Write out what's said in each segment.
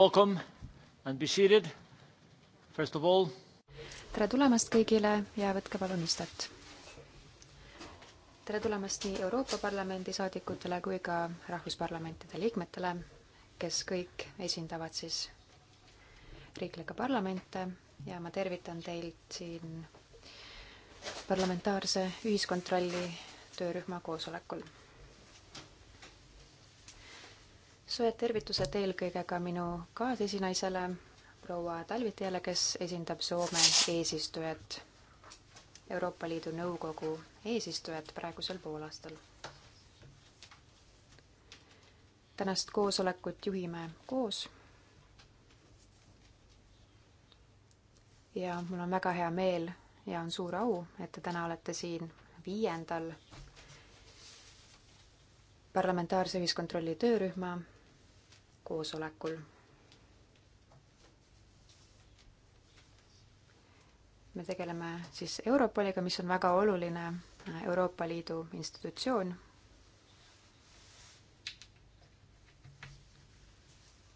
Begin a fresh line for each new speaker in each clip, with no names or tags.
Welcome and be seated. First of all.
tere tulemast kõigile ja võtke palun istet. tere tulemast nii Euroopa Parlamendi saadikutele kui ka rahvusparlamentide liikmetele, kes kõik esindavad siis riiklikke parlamente ja ma tervitan teilt siin parlamentaarse ühiskontrolli töörühma koosolekul soojad tervitused eelkõige ka minu kaasesinaisele, proua Talvitjale, kes esindab Soome eesistujat, Euroopa Liidu Nõukogu eesistujat praegusel poolaastal. tänast koosolekut juhime koos ja mul on väga hea meel ja on suur au, et te täna olete siin viiendal parlamentaarse ühiskontrolli töörühma koosolekul. me tegeleme siis Europoliga, mis on väga oluline Euroopa Liidu institutsioon.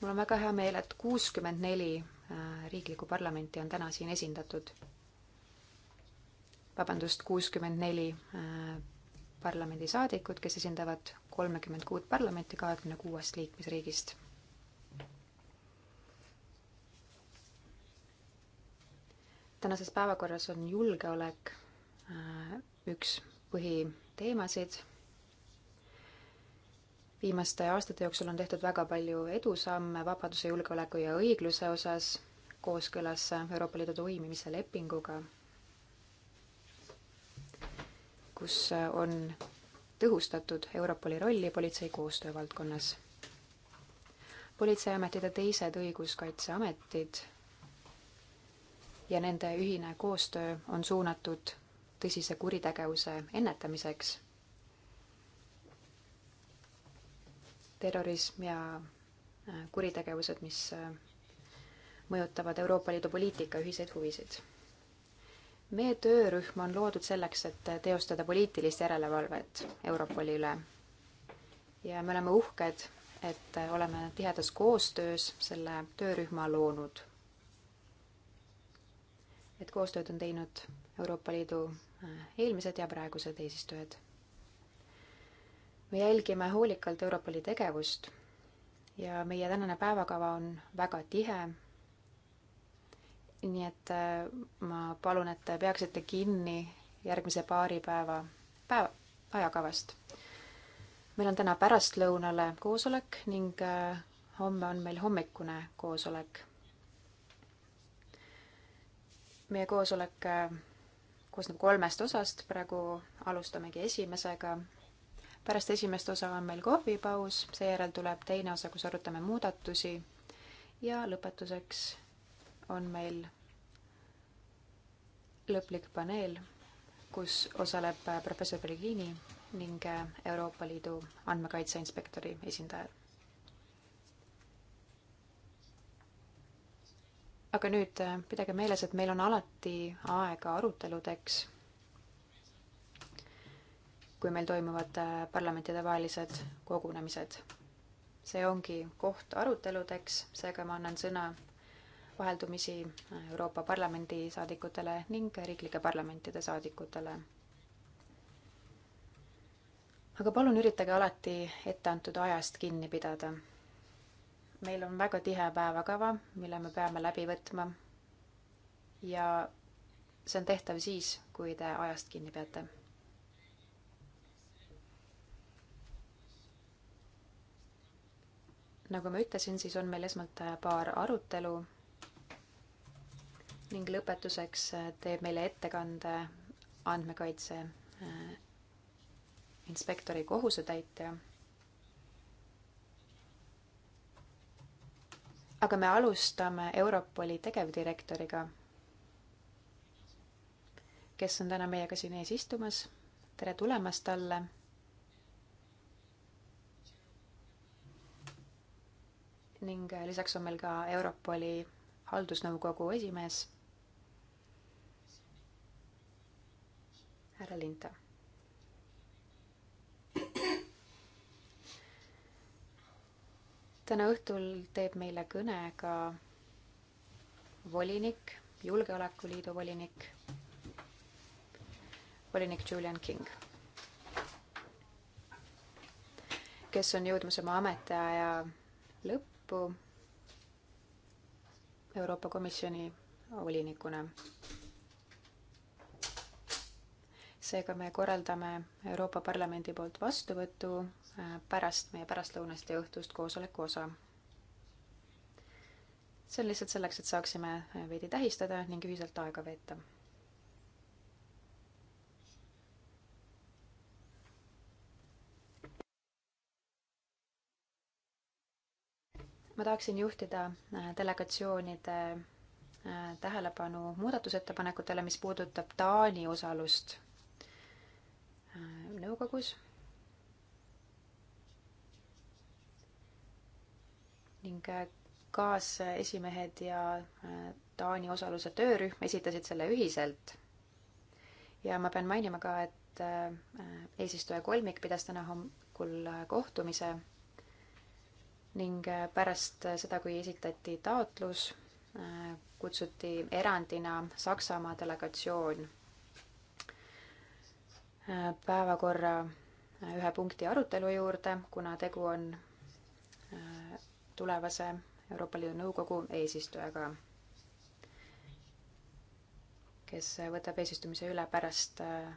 mul on väga hea meel, et kuuskümmend neli äh, riiklikku parlamenti on täna siin esindatud. vabandust, kuuskümmend neli äh, parlamendisaadikud, kes esindavad kolmekümmend kuut parlamenti kahekümne kuuest liikmesriigist. tänases päevakorras on julgeolek äh, üks põhiteemasid. viimaste aastate jooksul on tehtud väga palju edusamme vabaduse, julgeoleku ja õigluse osas kooskõlas Euroopa Liidu toimimise lepinguga, kus on tõhustatud Europoli rolli politsei koostöö valdkonnas. politseiametid ja teised õiguskaitseametid ja nende ühine koostöö on suunatud tõsise kuritegevuse ennetamiseks, terrorism ja äh, kuritegevused, mis äh, mõjutavad Euroopa Liidu poliitika ühiseid huvisid. meie töörühm on loodud selleks, et teostada poliitilist järelevalvet Europoli üle. ja me oleme uhked, et oleme tihedas koostöös selle töörühma loonud et koostööd on teinud Euroopa Liidu äh, eelmised ja praegused eesistujad. me jälgime hoolikalt Euroopa Liidu tegevust ja meie tänane päevakava on väga tihe. nii et äh, ma palun, et te peaksite kinni järgmise paari päeva päeva ajakavast. meil on täna pärastlõunale koosolek ning äh, homme on meil hommikune koosolek meie koosolek äh, koosneb kolmest osast, praegu alustamegi esimesega. pärast esimest osa on meil kohvipaus, seejärel tuleb teine osa, kus arutame muudatusi ja lõpetuseks on meil lõplik paneel, kus osaleb äh, professor Berliini ning äh, Euroopa Liidu andmekaitseinspektori esindajad aga nüüd äh, pidage meeles, et meil on alati aega aruteludeks, kui meil toimuvad äh, parlamentidevahelised kogunemised. see ongi koht aruteludeks, seega ma annan sõna vaheldumisi äh, Euroopa Parlamendi saadikutele ning riiklike parlamentide saadikutele. aga palun üritage alati etteantud ajast kinni pidada meil on väga tihe päevakava, mille me peame läbi võtma. ja see on tehtav siis, kui te ajast kinni peate. nagu ma ütlesin, siis on meil esmalt paar arutelu ning lõpetuseks teeb meile ettekande andmekaitse äh, inspektori kohusetäitja aga me alustame Europoli tegevdirektoriga, kes on täna meiega siin ees istumas. tere tulemast talle. ning lisaks on meil ka Europoli haldusnõukogu esimees härra Linta. täna õhtul teeb meile kõne ka volinik, Julgeolekuliidu volinik, volinik Julian King, kes on jõudmas oma ametiaja lõppu Euroopa Komisjoni volinikuna. seega me korraldame Euroopa Parlamendi poolt vastuvõtu pärast meie pärastlõunast ja õhtust koosoleku osa. see on lihtsalt selleks, et saaksime veidi tähistada ning ühiselt aega veeta. ma tahaksin juhtida äh, delegatsioonide äh, tähelepanu muudatusettepanekutele, mis puudutab Taani osalust äh, nõukogus ning äh, kaasesimehed ja äh, Taani osaluse töörühm esitasid selle ühiselt. ja ma pean mainima ka, et äh, eesistuja kolmik pidas täna hommikul kohtumise ning pärast seda, kui esitati taotlus, kutsuti erandina Saksamaa delegatsioon päevakorra ühe punkti arutelu juurde, kuna tegu on tulevase Euroopa Liidu Nõukogu eesistujaga, kes võtab eesistumise üle pärast äh,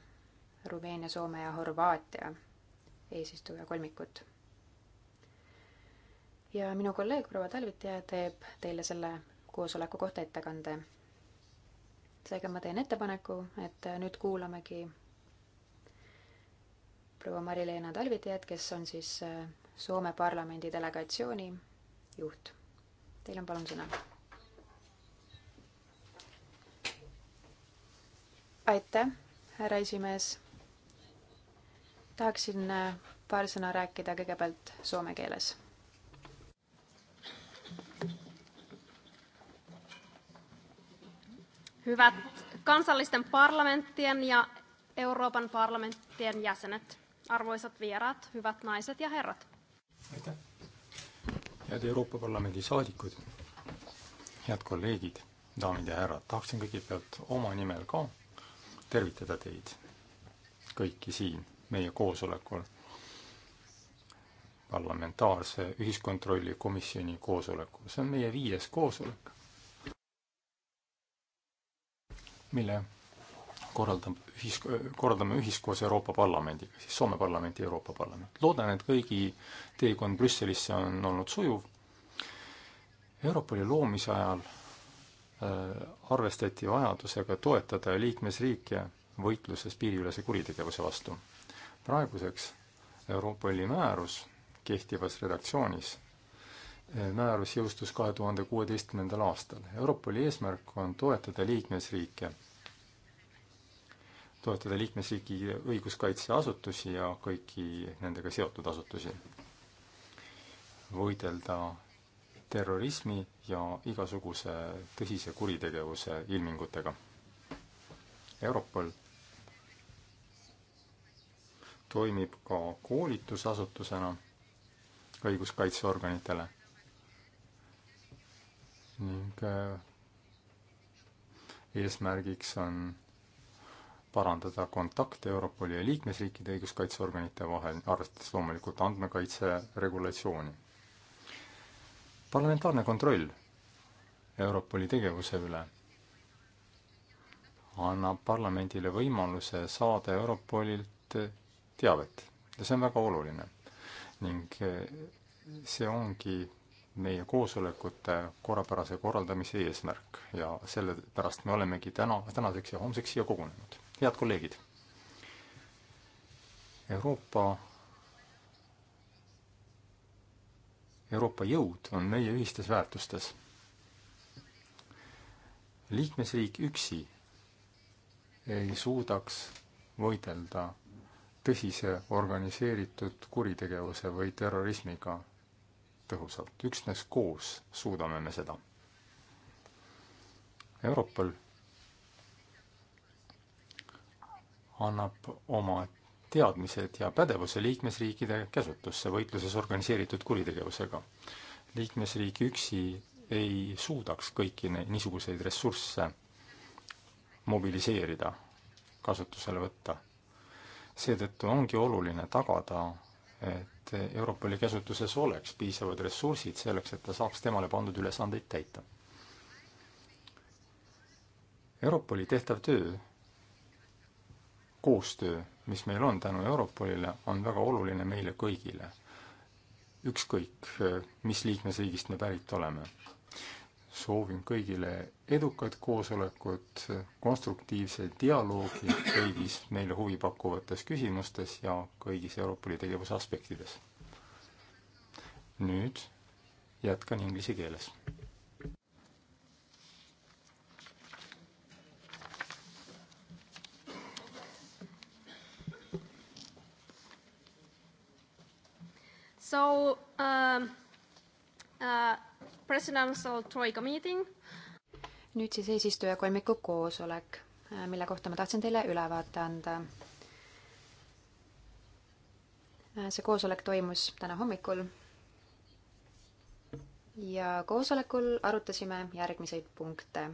Rumeenia, Soome ja Horvaatia eesistuja kolmikut. ja minu kolleeg proua Talvitaja teeb teile selle koosoleku kohta ettekande. seega ma teen ettepaneku, et nüüd kuulamegi proua Mari-Leena Talvitajat, kes on siis äh, Soome parlamendi delegatsiooni juht. Teil on palun sõna. aitäh, härra esimees. tahaksin äh, paar sõna rääkida kõigepealt soome keeles Hyvät kansallisten parlamenttien ja Euroopan parlamenttien jäsenet, arvoisat vieraat, hyvät naiset ja herrat
head Euroopa Parlamendi saadikud, head kolleegid, daamid ja härrad, tahaksin kõigepealt oma nimel ka tervitada teid kõiki siin meie koosolekul, parlamentaarse ühiskontrolli komisjoni koosolekul. see on meie viies koosolek, mille korraldab ühis, korraldame ühiskoos Euroopa Parlamendiga, siis Soome parlament ja Euroopa Parlament. loodan, et kõigi teekond Brüsselisse on olnud sujuv. Europoli loomise ajal äh, arvestati vajadusega toetada liikmesriike võitluses piiriülese kuritegevuse vastu. praeguseks Europoli määrus kehtivas redaktsioonis äh, määrus jõustus kahe tuhande kuueteistkümnendal aastal. Europoli eesmärk on toetada liikmesriike toetada liikmesriigi õiguskaitseasutusi ja kõiki nendega seotud asutusi, võidelda terrorismi ja igasuguse tõsise kuritegevuse ilmingutega. Europol toimib ka koolitusasutusena õiguskaitseorganitele ning äh, eesmärgiks on parandada kontakte Europoli ja liikmesriikide õiguskaitseorganite vahel, arvestades loomulikult andmekaitse regulatsiooni. parlamentaarne kontroll Europoli tegevuse üle annab parlamendile võimaluse saada Europolilt teavet ja see on väga oluline. ning see ongi meie koosolekute korrapärase korraldamise eesmärk ja selle pärast me olemegi täna, tänaseks ja homseks siia kogunenud head kolleegid. Euroopa, Euroopa jõud on meie ühistes väärtustes. liikmesriik üksi ei suudaks võidelda tõsise organiseeritud kuritegevuse või terrorismiga tõhusalt, üksnes koos suudame me seda. Euroopal annab oma teadmised ja pädevuse liikmesriikide käsutusse võitluses organiseeritud kuritegevusega. liikmesriik üksi ei suudaks kõiki neid niisuguseid ressursse mobiliseerida, kasutusele võtta. seetõttu ongi oluline tagada, et Europoli käsutuses oleks piisavad ressursid selleks, et ta saaks temale pandud ülesandeid täita. Europoli tehtav töö koostöö, mis meil on tänu Europolile, on väga oluline meile kõigile. ükskõik, mis liikmesriigist me pärit oleme. soovin kõigile edukat koosolekut, konstruktiivse dialoogi kõigis meile huvi pakkuvates küsimustes ja kõigis Europoli tegevuse aspektides. nüüd jätkan inglise keeles
So, um, uh, presidential troika meeting. nüüd siis eesistuja kolmiku koosolek, äh, mille kohta ma tahtsin teile ülevaate anda. Äh, see koosolek toimus täna hommikul. ja koosolekul arutasime järgmiseid punkte.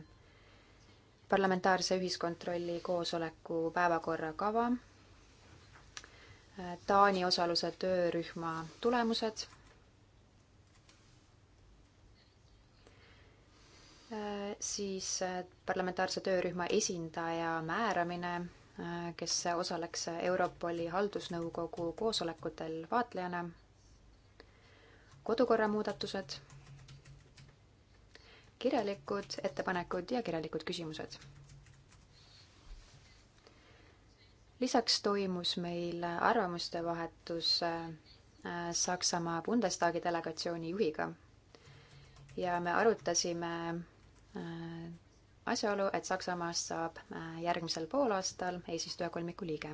parlamentaarse ühiskontrolli koosoleku päevakorra kava Taani osaluse töörühma tulemused. siis äh, parlamentaarse töörühma esindaja määramine, äh, kes osaleks Europoli haldusnõukogu koosolekutel vaatlejana. kodukorra muudatused, kirjalikud ettepanekud ja kirjalikud küsimused lisaks toimus meil arvamuste vahetus äh, Saksamaa Bundestagi delegatsiooni juhiga ja me arutasime äh, asjaolu, et Saksamaast saab äh, järgmisel poolaastal eesistuja kolmiku liige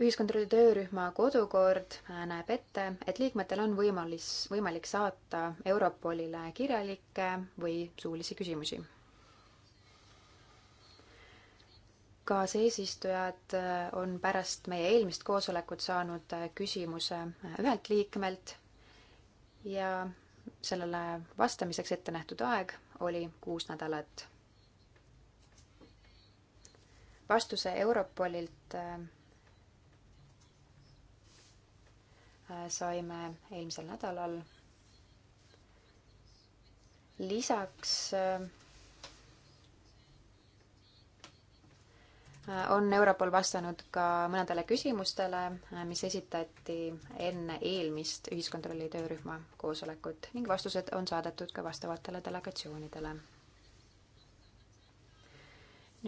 ühiskontrolli töörühma kodukord äh, näeb ette, et liikmetel on võimalus, võimalik saata Europolile kirjalikke või suulisi küsimusi. kaasesistujad äh, on pärast meie eelmist koosolekut saanud äh, küsimuse ühelt liikmelt ja sellele vastamiseks ette nähtud aeg oli kuus nädalat. vastuse Europolilt saime eelmisel nädalal. lisaks äh, on Europol vastanud ka mõnedele küsimustele, äh, mis esitati enne eelmist ühiskontrolli töörühma koosolekut ning vastused on saadetud ka vastavatele delegatsioonidele.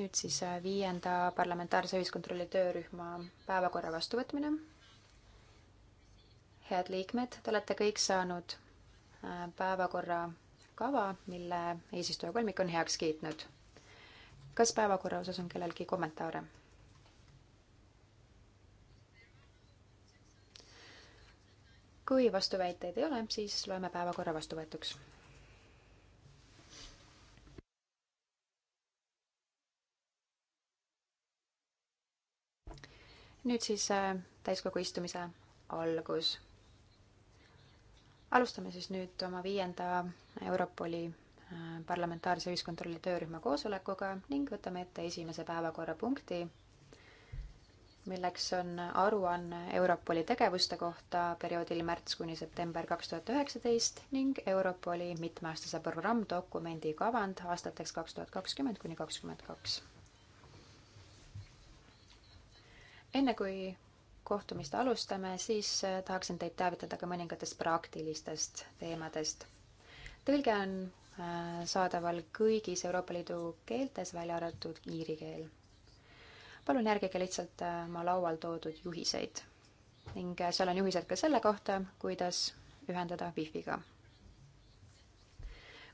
nüüd siis äh, viienda parlamentaarse ühiskontrolli töörühma päevakorra vastuvõtmine head liikmed, te olete kõik saanud äh, päevakorra kava, mille eesistuja kolmik on heaks kiitnud. kas päevakorra osas on kellelgi kommentaare? kui vastuväiteid ei ole, siis loeme päevakorra vastuvõetuks. nüüd siis äh, täiskogu istumise algus alustame siis nüüd oma viienda Europoli äh, parlamentaarse ühiskontrolli töörühma koosolekuga ning võtame ette esimese päevakorrapunkti, milleks on aruanne Europoli tegevuste kohta perioodil märts kuni september kaks tuhat üheksateist ning Europoli mitmeaastase programmdokumendi kavand aastateks kaks tuhat kakskümmend kuni kakskümmend kaks. enne kui kohtumist alustame, siis äh, tahaksin teid teavitada ka mõningatest praktilistest teemadest. tõlge on äh, saadaval kõigis Euroopa Liidu keeltes, välja arvatud iiri keel. palun järgige lihtsalt äh, oma laual toodud juhiseid ning seal on juhised ka selle kohta, kuidas ühendada wifi'ga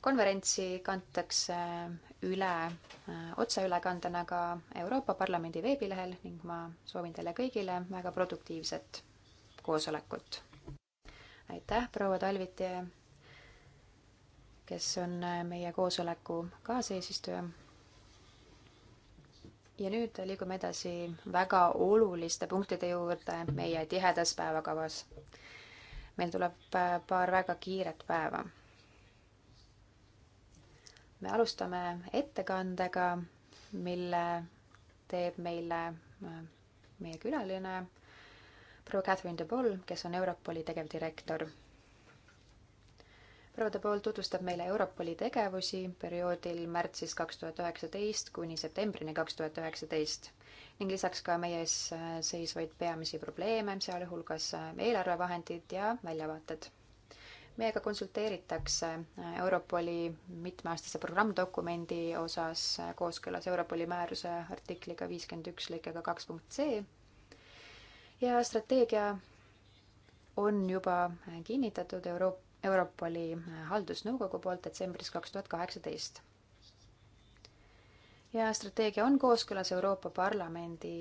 konverentsi kantakse äh, üle äh, otseülekandena ka Euroopa Parlamendi veebilehel ning ma soovin teile kõigile väga produktiivset koosolekut. aitäh, proua Talviti, kes on äh, meie koosoleku kaaseesistuja. ja nüüd liigume edasi väga oluliste punktide juurde meie tihedas päevakavas. meil tuleb paar väga kiiret päeva me alustame ettekandega, mille teeb meile äh, meie külaline proua Catherine de Paul, kes on Europoli tegevdirektor. proua de Paul tutvustab meile Europoli tegevusi perioodil märtsis kaks tuhat üheksateist kuni septembrini kaks tuhat üheksateist ning lisaks ka meie ees äh, seisvaid peamisi probleeme, sealhulgas äh, eelarvevahendid ja väljavaated meiega konsulteeritakse äh, Europoli mitmeaastase programmdokumendi osas äh, kooskõlas Europoli määruse artikliga viiskümmend üks lõikega kaks punkt C ja strateegia on juba äh, kinnitatud Euro-, Europoli haldusnõukogu poolt detsembris kaks tuhat kaheksateist. ja strateegia on kooskõlas Euroopa Parlamendi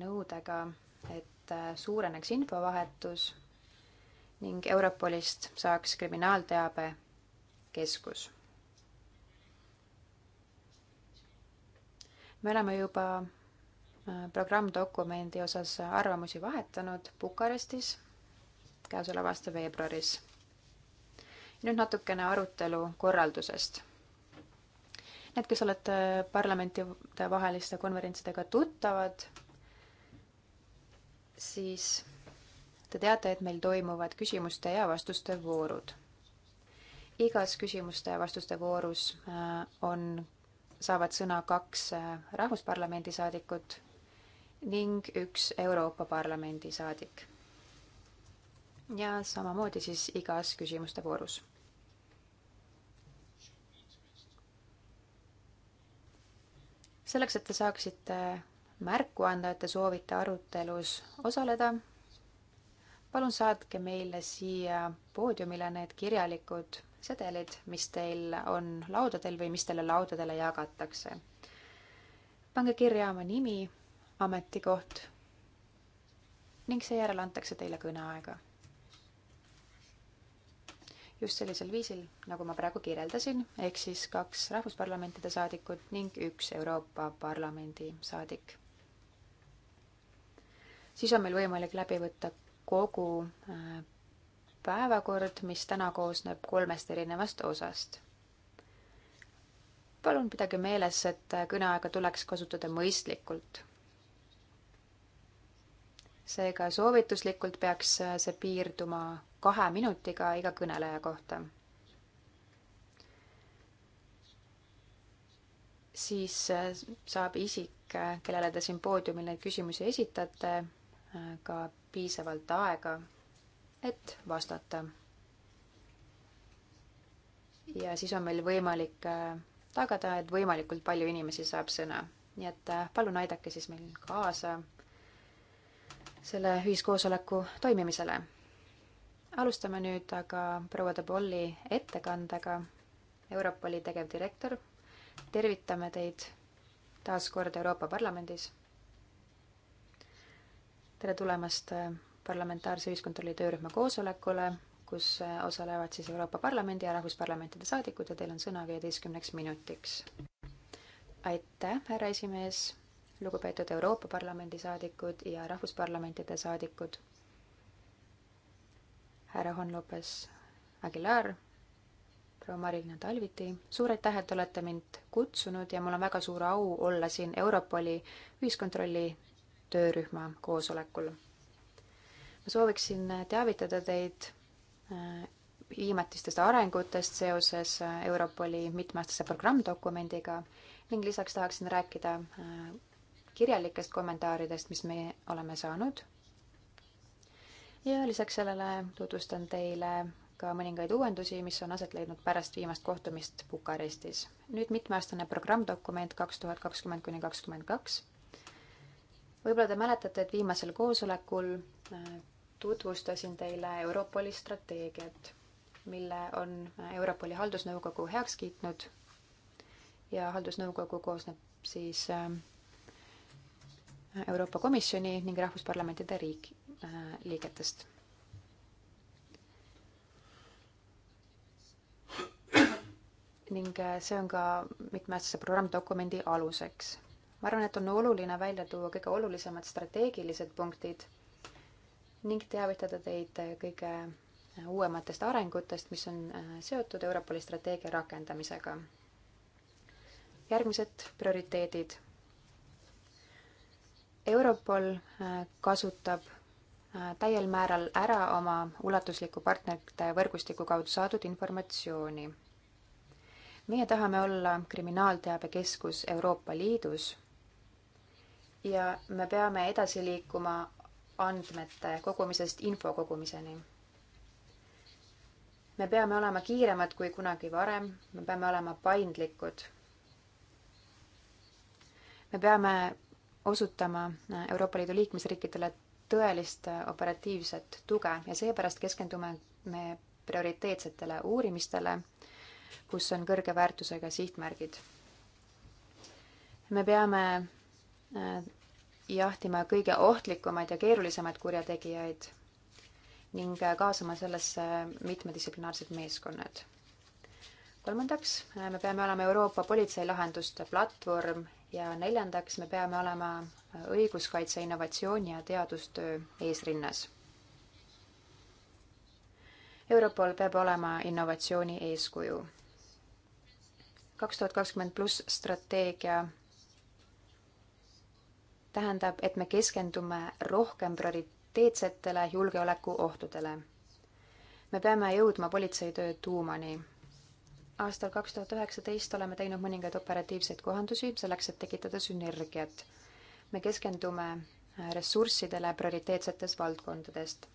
nõudega, et suureneks infovahetus ning Europolist saaks kriminaalteabekeskus. me oleme juba äh, programmdokumendi osas arvamusi vahetanud Bukarestis käesoleva aasta veebruaris. nüüd natukene arutelu korraldusest. Need, kes olete parlamentidevaheliste konverentsidega tuttavad, siis Te teate, et meil toimuvad küsimuste ja vastuste voorud. igas küsimuste ja vastuste voorus äh, on, saavad sõna kaks äh, Rahvusparlamendi saadikut ning üks Euroopa Parlamendi saadik. ja samamoodi siis igas küsimuste voorus selleks, et te saaksite märku anda, et te soovite arutelus osaleda, palun saatke meile siia poodiumile need kirjalikud sedelid, mis teil on laudadel või mis teile laudadele jagatakse. pange kirja oma nimi, ametikoht ning seejärel antakse teile kõneaega. just sellisel viisil, nagu ma praegu kirjeldasin, ehk siis kaks rahvusparlamentide saadikut ning üks Euroopa Parlamendi saadik. siis on meil võimalik läbi võtta kogu äh, päevakord, mis täna koosneb kolmest erinevast osast. palun pidage meeles, et äh, kõneaega tuleks kasutada mõistlikult. seega soovituslikult peaks äh, see piirduma kahe minutiga iga kõneleja kohta. siis saab isik, kellele te siin poodiumil neid küsimusi esitate, ka piisavalt aega, et vastata. ja siis on meil võimalik äh, tagada, et võimalikult palju inimesi saab sõna. nii et äh, palun aidake siis meil kaasa selle ühiskoosoleku toimimisele. alustame nüüd aga proua De Bolli ettekandega. Europoli tegevdirektor, tervitame teid taas kord Euroopa Parlamendis tere tulemast äh, parlamentaarse ühiskontrolli töörühma koosolekule, kus äh, osalevad siis Euroopa Parlamendi ja rahvusparlamentide saadikud ja teil on sõna viieteistkümneks minutiks. aitäh, härra esimees, lugupeetud Euroopa Parlamendi saadikud ja rahvusparlamentide saadikud härra Juan Lopez Aguilar, proua Marilina Talviti, suur aitäh, et olete mind kutsunud ja mul on väga suur au olla siin Europoli ühiskontrolli töörühma koosolekul. ma sooviksin teavitada teid viimatistest äh, arengutest seoses äh, Europoli mitmeaastase programmdokumendiga ning lisaks tahaksin rääkida äh, kirjalikest kommentaaridest, mis me oleme saanud. ja lisaks sellele tutvustan teile ka mõningaid uuendusi, mis on aset leidnud pärast viimast kohtumist Bukarestis. nüüd mitmeaastane programmdokument kaks tuhat kakskümmend kuni kakskümmend kaks võib-olla te mäletate, et viimasel koosolekul äh, tutvustasin teile Europoli strateegiat, mille on äh, Europoli haldusnõukogu heaks kiitnud ja haldusnõukogu koosneb siis äh, Euroopa Komisjoni ning rahvusparlamentide riik, liigetest. ning see on ka mitmeaastase programmdokumendi aluseks ma arvan, et on oluline välja tuua kõige olulisemad strateegilised punktid ning teavitada teid kõige uuematest arengutest, mis on äh, seotud Europoli strateegia rakendamisega. järgmised prioriteedid. Europol äh, kasutab äh, täiel määral ära oma ulatusliku partnerite võrgustiku kaudu saadud informatsiooni. meie tahame olla kriminaalteabekeskus Euroopa Liidus ja me peame edasi liikuma andmete kogumisest info kogumiseni. me peame olema kiiremad kui kunagi varem, me peame olema paindlikud. me peame osutama Euroopa Liidu liikmesriikidele tõelist operatiivset tuge ja seepärast keskendume me prioriteetsetele uurimistele, kus on kõrge väärtusega sihtmärgid. me peame Äh, jahtima kõige ohtlikumaid ja keerulisemaid kurjategijaid ning äh, kaasama sellesse mitmedistsiplinaarsed meeskonnad. kolmandaks, äh, me peame olema Euroopa politseilahenduste platvorm ja neljandaks, me peame olema õiguskaitse, innovatsiooni ja teadustöö eesrinnas. Europol peab olema innovatsiooni eeskuju. kaks tuhat kakskümmend pluss strateegia tähendab, et me keskendume rohkem prioriteetsetele julgeolekuohtudele. me peame jõudma politseitöö tuumani. aastal kaks tuhat üheksateist oleme teinud mõningaid operatiivseid kohandusi selleks, et tekitada sünergiat. me keskendume ressurssidele prioriteetsetes valdkondadest.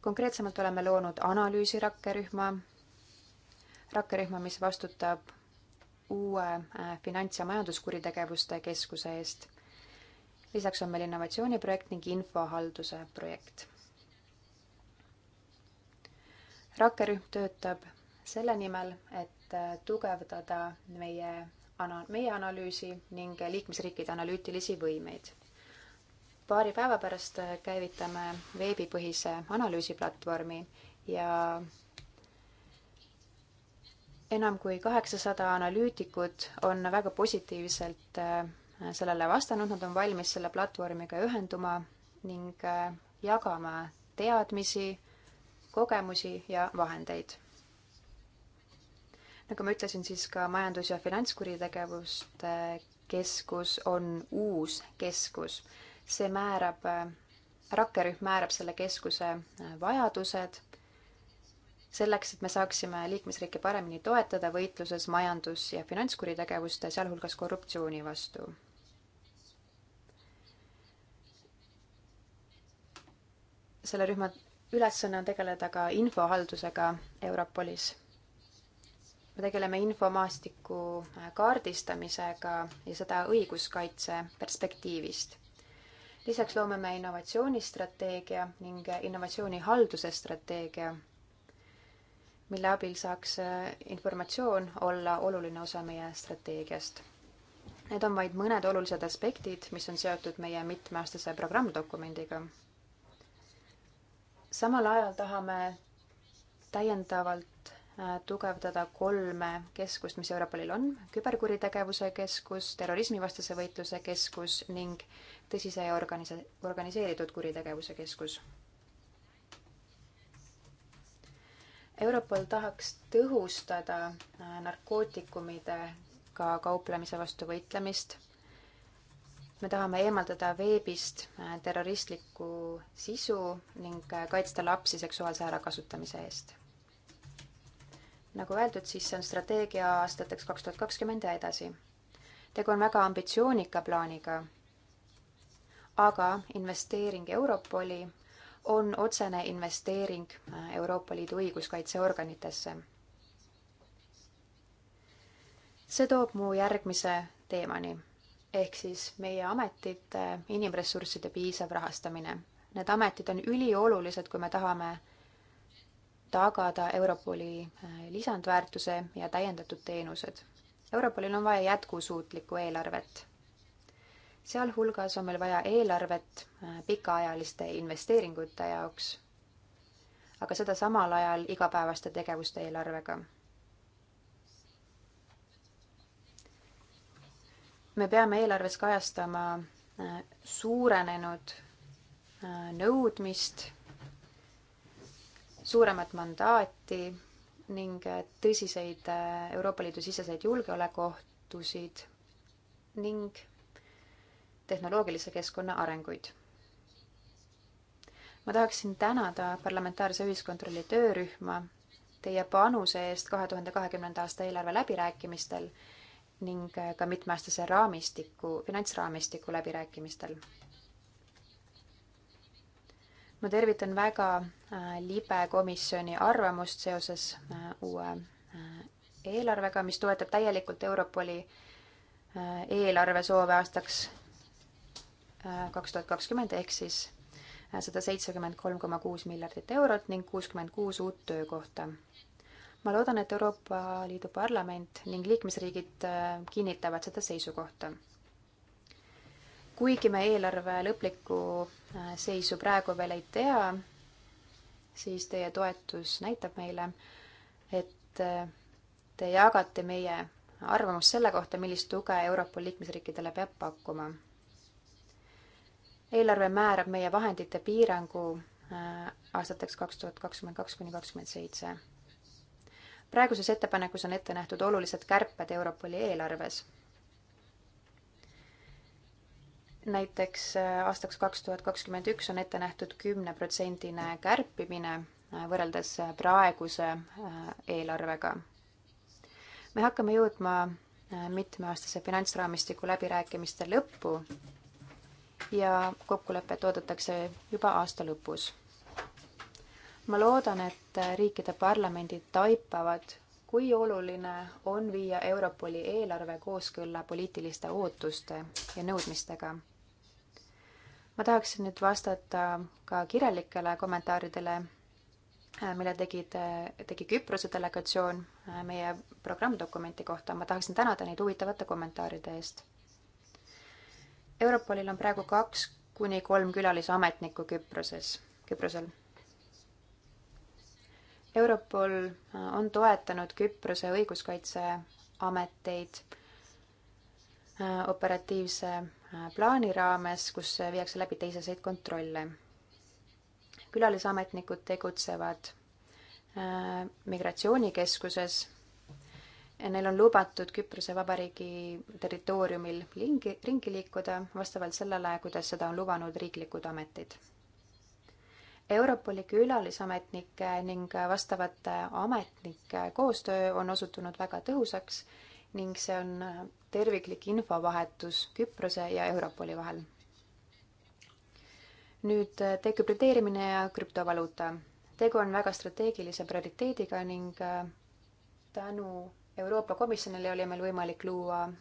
konkreetsemalt oleme loonud analüüsi rakkerühma, rakkerühma, mis vastutab uue äh, finants- ja majanduskuritegevuste keskuse eest. lisaks on meil innovatsiooniprojekt ning infohalduse projekt. rakkerühm töötab selle nimel, et äh, tugevdada meie ana-, meie analüüsi ning liikmesriikide analüütilisi võimeid. paari päeva pärast äh, käivitame veebipõhise analüüsiplatvormi ja enam kui kaheksasada analüütikut on väga positiivselt äh, sellele vastanud, nad on valmis selle platvormiga ühenduma ning äh, jagama teadmisi, kogemusi ja vahendeid. nagu ma ütlesin, siis ka Majandus- ja Finantskuritegevuste Keskus on uus keskus. see määrab, äh, rakkerühm määrab selle keskuse vajadused selleks, et me saaksime liikmesriike paremini toetada võitluses majandus- ja finantskuritegevuste, sealhulgas korruptsiooni vastu. selle rühma ülesanne on tegeleda ka infohaldusega Europolis. me tegeleme infomaastiku äh, kaardistamisega ja seda õiguskaitse perspektiivist. lisaks loome me innovatsioonistrateegia ning innovatsioonihalduse strateegia mille abil saaks äh, informatsioon olla oluline osa meie strateegiast. Need on vaid mõned olulised aspektid, mis on seotud meie mitmeaastase programmdokumendiga. samal ajal tahame täiendavalt äh, tugevdada kolme keskust, mis Europolil on, küberkuritegevuse keskus, terrorismivastase võitluse keskus ning tõsise ja organise-, organiseeritud kuritegevuse keskus Europol tahaks tõhustada äh, narkootikumidega kauplemise vastu võitlemist. me tahame eemaldada veebist äh, terroristlikku sisu ning äh, kaitsta lapsi seksuaalse ärakasutamise eest. nagu öeldud, siis see on strateegia aastateks kaks tuhat kakskümmend ja edasi. tegu on väga ambitsioonika plaaniga, aga investeering Europoli on otsene investeering äh, Euroopa Liidu õiguskaitseorganitesse. see toob mu järgmise teemani ehk siis meie ametite inimressursside piisav rahastamine. Need ametid on üliolulised, kui me tahame tagada Europoli äh, lisandväärtuse ja täiendatud teenused. Europolil on vaja jätkusuutlikku eelarvet sealhulgas on meil vaja eelarvet äh, pikaajaliste investeeringute jaoks, aga seda samal ajal igapäevaste tegevuste eelarvega me peame eelarves kajastama äh, suurenenud äh, nõudmist, suuremat mandaati ning tõsiseid Euroopa Liidu siseseid julgeolekuohtusid ning tehnoloogilise keskkonna arenguid. ma tahaksin tänada parlamentaarse ühiskontrolli töörühma teie panuse eest kahe tuhande kahekümnenda aasta eelarve läbirääkimistel ning ka mitmeaastase raamistiku, finantsraamistiku läbirääkimistel. ma tervitan väga äh, libe komisjoni arvamust seoses äh, uue äh, eelarvega, mis toetab täielikult Europoli eelarve soove aastaks kaks tuhat kakskümmend ehk siis äh, sada seitsekümmend kolm koma kuus miljardit eurot ning kuuskümmend kuus uut töökohta. ma loodan, et Euroopa Liidu Parlament ning liikmesriigid äh, kinnitavad seda seisukohta. kuigi me eelarve lõplikku äh, seisu praegu veel ei tea, siis teie toetus näitab meile, et te jagate meie arvamust selle kohta, millist tuge Euroopa liikmesriikidele peab pakkuma eelarve määrab meie vahendite piirangu äh, aastateks kaks tuhat kakskümmend kaks kuni kakskümmend seitse. praeguses ettepanekus on ette nähtud olulised kärped Europoli eelarves. näiteks äh, aastaks kaks tuhat kakskümmend üks on ette nähtud kümneprotsendine kärpimine äh, võrreldes praeguse eelarvega. me hakkame jõudma mitmeaastase finantsraamistiku läbirääkimiste lõppu ja kokkulepet oodatakse juba aasta lõpus. ma loodan, et riikide parlamendid taipavad, kui oluline on viia Europoli eelarve kooskõlla poliitiliste ootuste ja nõudmistega. ma tahaksin nüüd vastata ka kirjalikele kommentaaridele, mille tegid, tegi Küprose delegatsioon äh, meie programmdokumenti kohta. ma tahaksin tänada neid huvitavate kommentaaride eest Europolil on praegu kaks kuni kolm külalisametnikku Küproses, Küprosel. Europol äh, on toetanud Küprose õiguskaitseameteid äh, operatiivse äh, plaani raames, kus viiakse läbi teiseseid kontrolle. külalisametnikud tegutsevad migratsioonikeskuses neil on lubatud Küprose Vabariigi territooriumil ringi, ringi liikuda vastavalt sellele, kuidas seda on lubanud riiklikud ametid. Europoli külalisametnike ning vastavate ametnike koostöö on osutunud väga tõhusaks ning see on terviklik infovahetus Küprose ja Europoli vahel. nüüd dekübriteerimine ja krüptovaluuta. tegu on väga strateegilise prioriteediga ning äh, tänu Euroopa Komisjonile oli meil võimalik luua äh,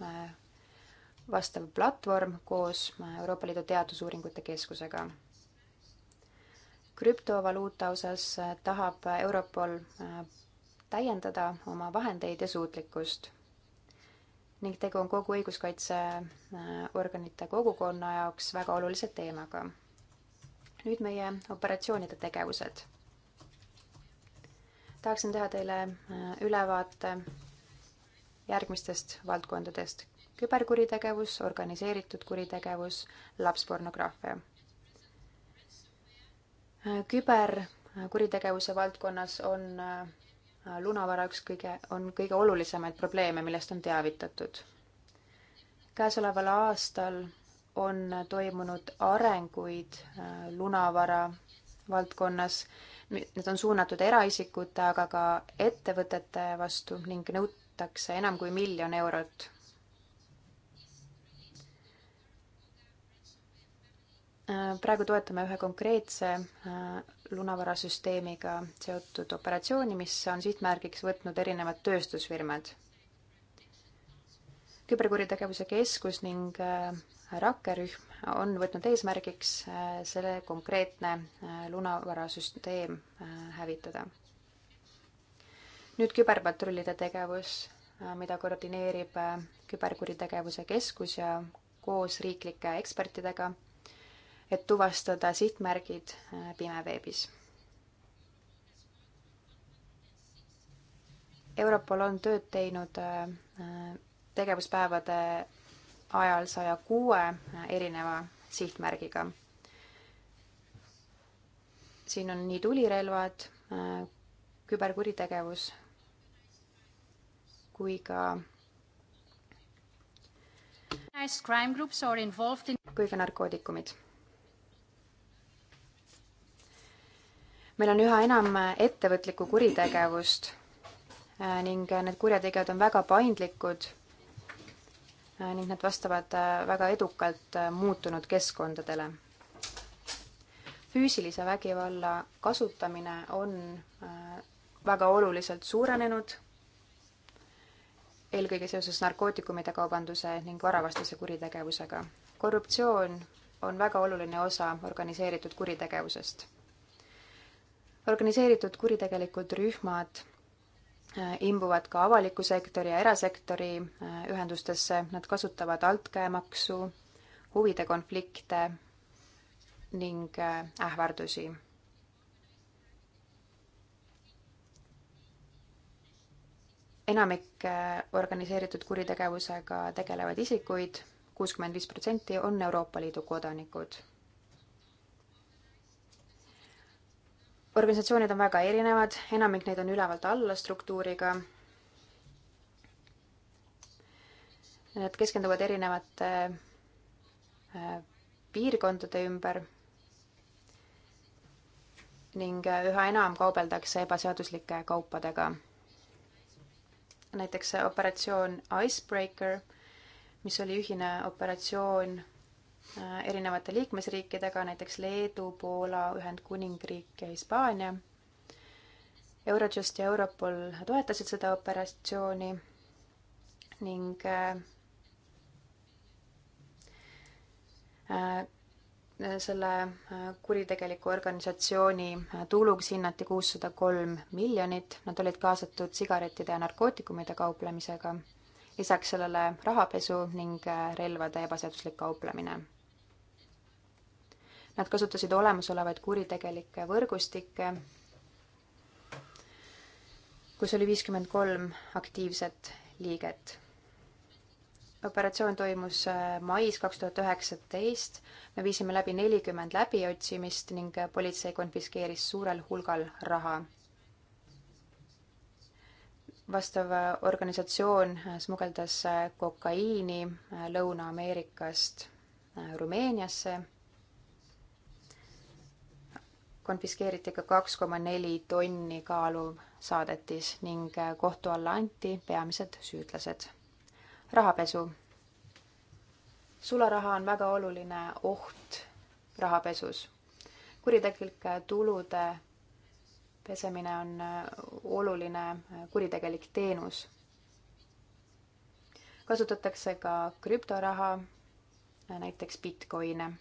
vastav platvorm koos äh, Euroopa Liidu Teadusuuringute Keskusega. krüptovaluuta osas äh, tahab Europol täiendada oma vahendeid ja suutlikkust ning tegu on kogu õiguskaitseorganite kogukonna jaoks väga olulise teemaga. nüüd meie operatsioonide tegevused. tahaksin teha teile ülevaate järgmistest valdkondadest. küberkuritegevus, organiseeritud kuritegevus, lapspornograafia. küberkuritegevuse valdkonnas on äh, lunavara üks kõige, on kõige olulisemaid probleeme, millest on teavitatud. käesoleval aastal on toimunud arenguid äh, lunavara valdkonnas. Need on suunatud eraisikute, aga ka ettevõtete vastu ning nõut-, eraldatakse enam kui miljon eurot. praegu toetame ühe konkreetse äh, lunavarasüsteemiga seotud operatsiooni, mis on sihtmärgiks võtnud erinevad tööstusfirmad. küberkuritegevuse keskus ning äh, rakkerühm on võtnud eesmärgiks äh, selle konkreetne lunavarasüsteem hävitada nüüd küberpatrullide tegevus, äh, mida koordineerib äh, Küberkuritegevuse Keskus ja koos riiklike ekspertidega, et tuvastada sihtmärgid äh, pimeveebis Europol on tööd teinud tegevuspäevade ajal saja kuue erineva sihtmärgiga. siin on nii tulirelvad, küberkuritegevus kui ka kui ka narkootikumid. meil on üha enam ettevõtlikku kuritegevust äh, ning need kurjategijad on väga paindlikud äh, ning nad vastavad äh, väga edukalt muutunud keskkondadele. füüsilise vägivalla kasutamine on väga oluliselt suurenenud eelkõige seoses narkootikumide kaubanduse ning varavastase kuritegevusega. korruptsioon on väga oluline osa organiseeritud kuritegevusest. organiseeritud kuritegelikud rühmad äh, imbuvad ka avaliku sektori ja erasektori äh, ühendustesse, nad kasutavad altkäemaksu, huvide konflikte ning äh, ähvardusi enamik äh, organiseeritud kuritegevusega tegelevaid isikuid, kuuskümmend viis protsenti, on Euroopa Liidu kodanikud. organisatsioonid on väga erinevad, enamik neid on ülevalt alla struktuuriga. Nad keskenduvad erinevate äh, piirkondade ümber ning äh, üha enam kaubeldakse ebaseaduslike kaupadega näiteks operatsioon Icebreaker, mis oli ühine operatsioon äh, erinevate liikmesriikidega, näiteks Leedu, Poola, Ühendkuningriik ja Hispaania. Eurojust ja Europol toetasid seda operatsiooni ning äh, äh, selle äh, kuritegeliku organisatsiooni äh, tuluks hinnati kuussada kolm miljonit, nad olid kaasatud sigarettide ja narkootikumide kauplemisega, lisaks sellele rahapesu ning äh, relvade ebaseaduslik kauplemine. Nad kasutasid olemasolevaid kuritegelikke võrgustikke, kus oli viiskümmend kolm aktiivset liiget operatsioon toimus äh, mais kaks tuhat üheksateist. me viisime läbi nelikümmend läbiotsimist ning äh, politsei konfiskeeris suurel hulgal raha. vastav äh, organisatsioon smugeldas kokaiini Lõuna-Ameerikast Rumeeniasse. konfiskeeriti ka kaks koma neli tonni kaaluv saadetis ning kohtu alla anti peamised süüdlased rahapesu. sularaha on väga oluline oht rahapesus. kuritegelike tulude pesemine on oluline kuritegelik teenus. kasutatakse ka krüptoraha, näiteks Bitcoine.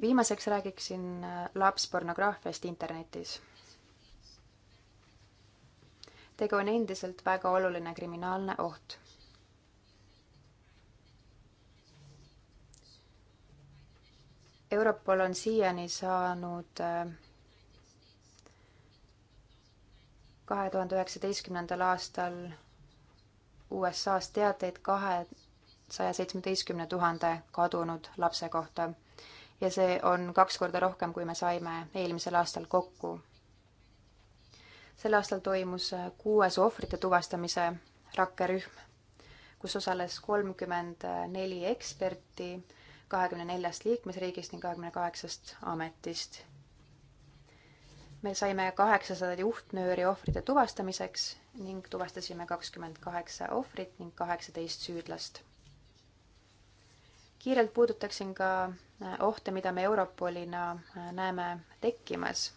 viimaseks räägiksin lapspornograafiast internetis tegu on endiselt väga oluline kriminaalne oht. Europol on siiani saanud äh, kahe tuhande üheksateistkümnendal aastal USA-s teateid kahesaja seitsmeteistkümne tuhande kadunud lapse kohta ja see on kaks korda rohkem, kui me saime eelmisel aastal kokku sel aastal toimus äh, kuues ohvrite tuvastamise rakkerühm, kus osales kolmkümmend neli eksperti kahekümne neljast liikmesriigist ning kahekümne kaheksast ametist. me saime kaheksasada juhtnööri ohvrite tuvastamiseks ning tuvastasime kakskümmend kaheksa ohvrit ning kaheksateist süüdlast. kiirelt puudutaksin ka äh, ohte, mida me Europolina äh, näeme tekkimas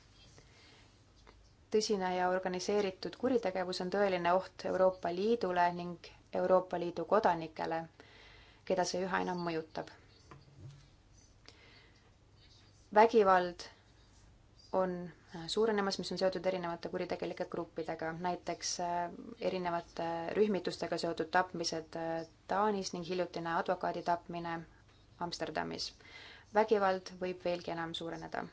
tõsine ja organiseeritud kuritegevus on tõeline oht Euroopa Liidule ning Euroopa Liidu kodanikele, keda see üha enam mõjutab. vägivald on suurenemas, mis on seotud erinevate kuritegelike gruppidega, näiteks äh, erinevate rühmitustega seotud tapmised äh, Taanis ning hiljutine advokaadi tapmine Amsterdamis. vägivald võib veelgi enam suureneda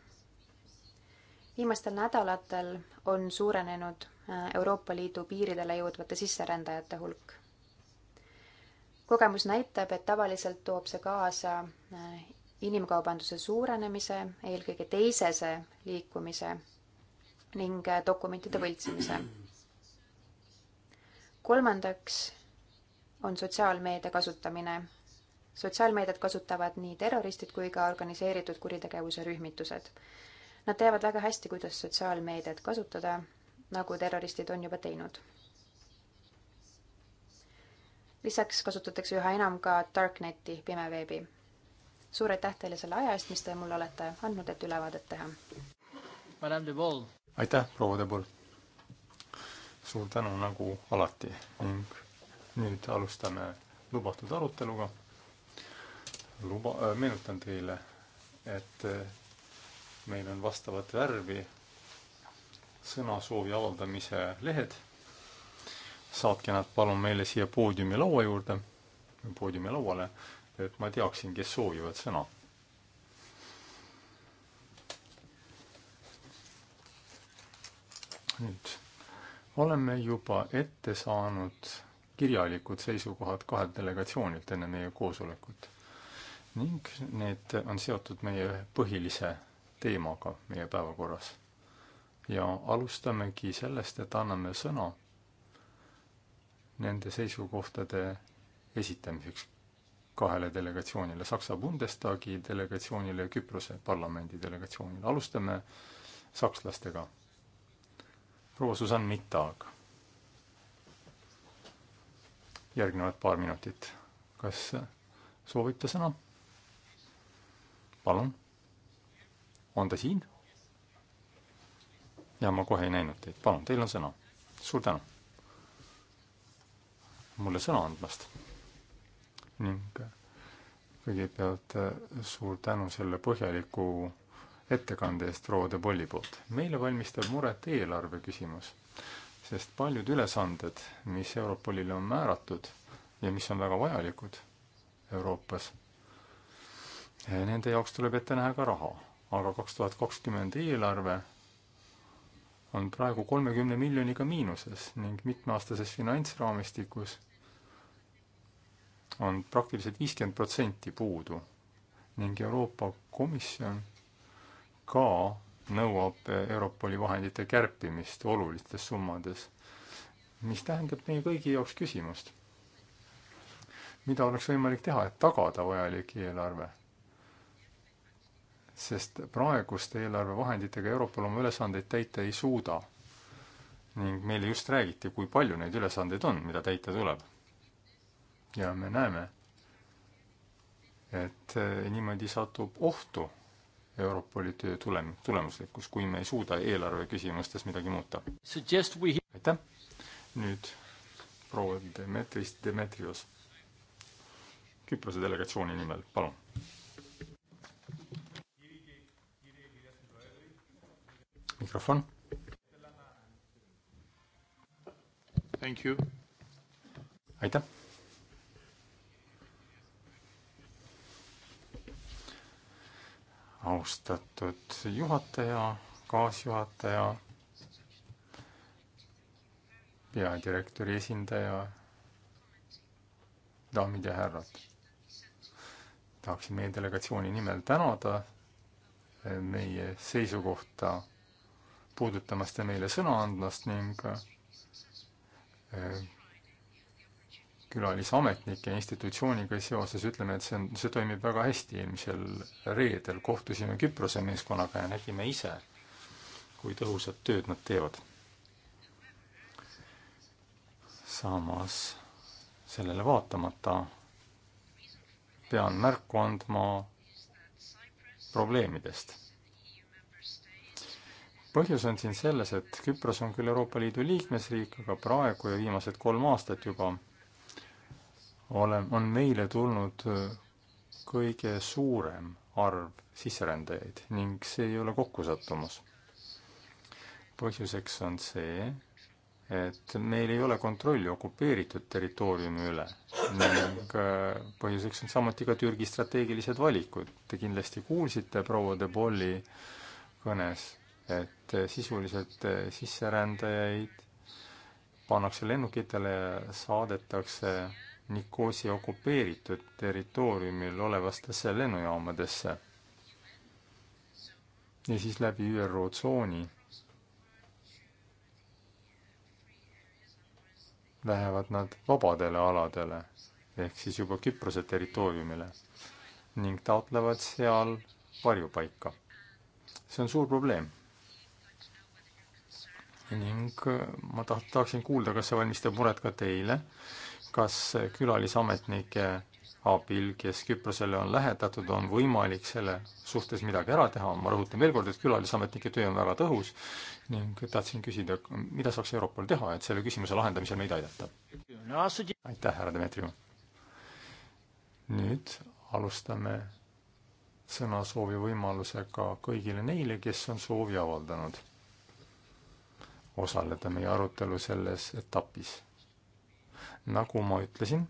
viimastel nädalatel on suurenenud äh, Euroopa Liidu piiridele jõudvate sisserändajate hulk. kogemus näitab, et tavaliselt toob see kaasa äh, inimkaubanduse suurenemise, eelkõige teisese liikumise ning äh, dokumentide võltsimise. kolmandaks on sotsiaalmeedia kasutamine. sotsiaalmeediat kasutavad nii terroristid kui ka organiseeritud kuritegevuse rühmitused Nad teavad väga hästi, kuidas sotsiaalmeediat kasutada, nagu terroristid on juba teinud. lisaks kasutatakse üha enam ka Darkneti pimeveebi. suur aitäh teile selle aja eest, mis te mulle olete andnud, et ülevaadet teha.
aitäh, proua Debol! suur tänu nagu alati ning nüüd alustame lubatud aruteluga. luba, äh, meenutan teile, et äh, meil on vastavat värvi sõnasoovi avaldamise lehed. saatke nad palun meile siia poodiumi laua juurde, poodiumi lauale, et ma teaksin, kes soovivad sõna. nüüd oleme juba ette saanud kirjalikud seisukohad kahelt delegatsioonilt enne meie koosolekut ning need on seotud meie põhilise teemaga meie päevakorras. ja alustamegi sellest, et anname sõna nende seisukohtade esitamiseks kahele delegatsioonile, Saksa Bundestagi delegatsioonile ja Küprose parlamendi delegatsioonile. alustame sakslastega. proua Susann Mittag. järgnevad paar minutit. kas soovite sõna? palun on ta siin? ja ma kohe ei näinud teid, palun, teil on sõna. suur tänu mulle sõna andmast. ning kõigepealt eh, suur tänu selle põhjaliku ettekande eest Roode Polli poolt. meile valmistab muret eelarve küsimus, sest paljud ülesanded, mis Europolile on määratud ja mis on väga vajalikud Euroopas, eh, nende jaoks tuleb ette näha ka raha aga kaks tuhat kakskümmend eelarve on praegu kolmekümne miljoniga miinuses ning mitmeaastases finantsraamistikus on praktiliselt viiskümmend protsenti puudu ning Euroopa Komisjon ka nõuab Europoli vahendite kärpimist olulistes summades, mis tähendab meie kõigi jaoks küsimust, mida oleks võimalik teha, et tagada vajalik eelarve sest praeguste eelarvevahenditega Europol oma ülesandeid täita ei suuda. ning meile just räägiti, kui palju neid ülesandeid on, mida täita tuleb. ja me näeme, et eh, niimoodi satub ohtu Europoli töö tulem-, tulemuslikkus, kui me ei suuda eelarve küsimustes midagi muuta. aitäh! nüüd proua Demetris Demetrios Küprose delegatsiooni nimel, palun! mikrofon. aitäh. austatud juhataja, kaasjuhataja, peadirektori esindaja, daamid ja härrad. tahaksin meie delegatsiooni nimel tänada meie seisukohta puudutamast ja meile sõna andmast ning eh, külalisametnike institutsiooniga seoses ütleme, et see on, see toimib väga hästi. eelmisel reedel kohtusime Küprose meeskonnaga ja nägime ise, kui tõhusat tööd nad teevad. samas sellele vaatamata pean märku andma probleemidest põhjus on siin selles, et Küpros on küll Euroopa Liidu liikmesriik, aga praegu ja viimased kolm aastat juba ole, on meile tulnud äh, kõige suurem arv sisserändajaid ning see ei ole kokkusattumus. põhjuseks on see, et meil ei ole kontrolli okupeeritud territooriumi üle ning äh, põhjuseks on samuti ka Türgi strateegilised valikud. Te kindlasti kuulsite proua De Bolli kõnes et eh, sisuliselt eh, sisserändajaid pannakse lennukitele ja saadetakse Nikosi okupeeritud territooriumil olevatesse lennujaamadesse ja siis läbi ÜRO tsooni lähevad nad vabadele aladele ehk siis juba Küprose territooriumile ning taotlevad seal varjupaika. see on suur probleem ning äh, ma taht-, tahaksin kuulda, kas see valmistab muret ka teile, kas külalisametnike abil, kes Küprosele on lähetatud, on võimalik selle suhtes midagi ära teha, ma rõhutan veel kord, et külalisametnike töö on väga tõhus ning tahtsin küsida, mida saaks Euroopal teha, et selle küsimuse lahendamisel meid aidata? aitäh, härra Dmitrijev! nüüd alustame sõnasoovi võimalusega kõigile neile, kes on soovi avaldanud osaleda meie arutelu selles etapis. nagu ma ütlesin,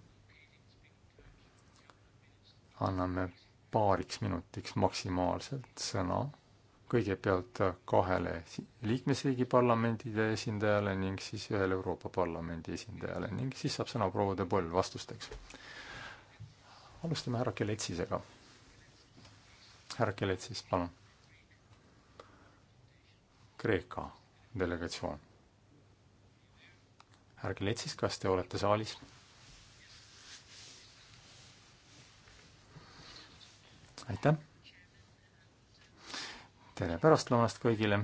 anname paariks minutiks maksimaalselt sõna kõigepealt kahele liikmesriigi parlamendide esindajale ning siis ühele Euroopa Parlamendi esindajale ning siis saab sõna proua De Boll vastusteks. alustame härra Keletsisega. härra Keletsis, palun. Kreeka delegatsioon. ärge letsis, kas te olete saalis? aitäh! tere pärastlõunast kõigile,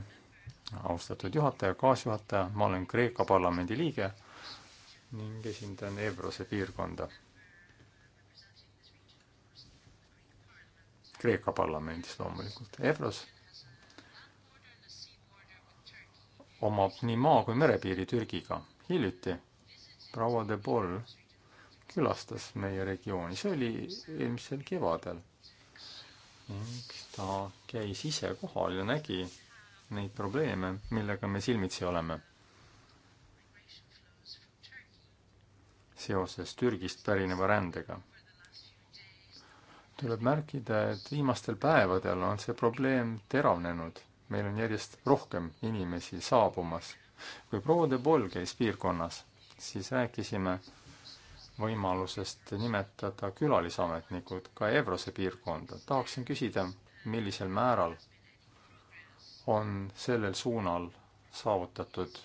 austatud juhataja, kaasjuhataja, ma olen Kreeka parlamendi liige ning esindan Evrose piirkonda Kreeka parlamendis loomulikult. Evros omab nii maa- kui merepiiri Türgiga. hiljuti proua de Boll külastas meie regiooni, see oli eelmisel kevadel. ning ta käis ise kohal ja nägi neid probleeme, millega me silmitsi oleme. seoses Türgist pärineva rändega. tuleb märkida, et viimastel päevadel on see probleem teravnenud meil on järjest rohkem inimesi saabumas. kui proua de Bol käis piirkonnas, siis rääkisime võimalusest nimetada külalisametnikud ka Evrose piirkonda. tahaksin küsida, millisel määral on sellel suunal saavutatud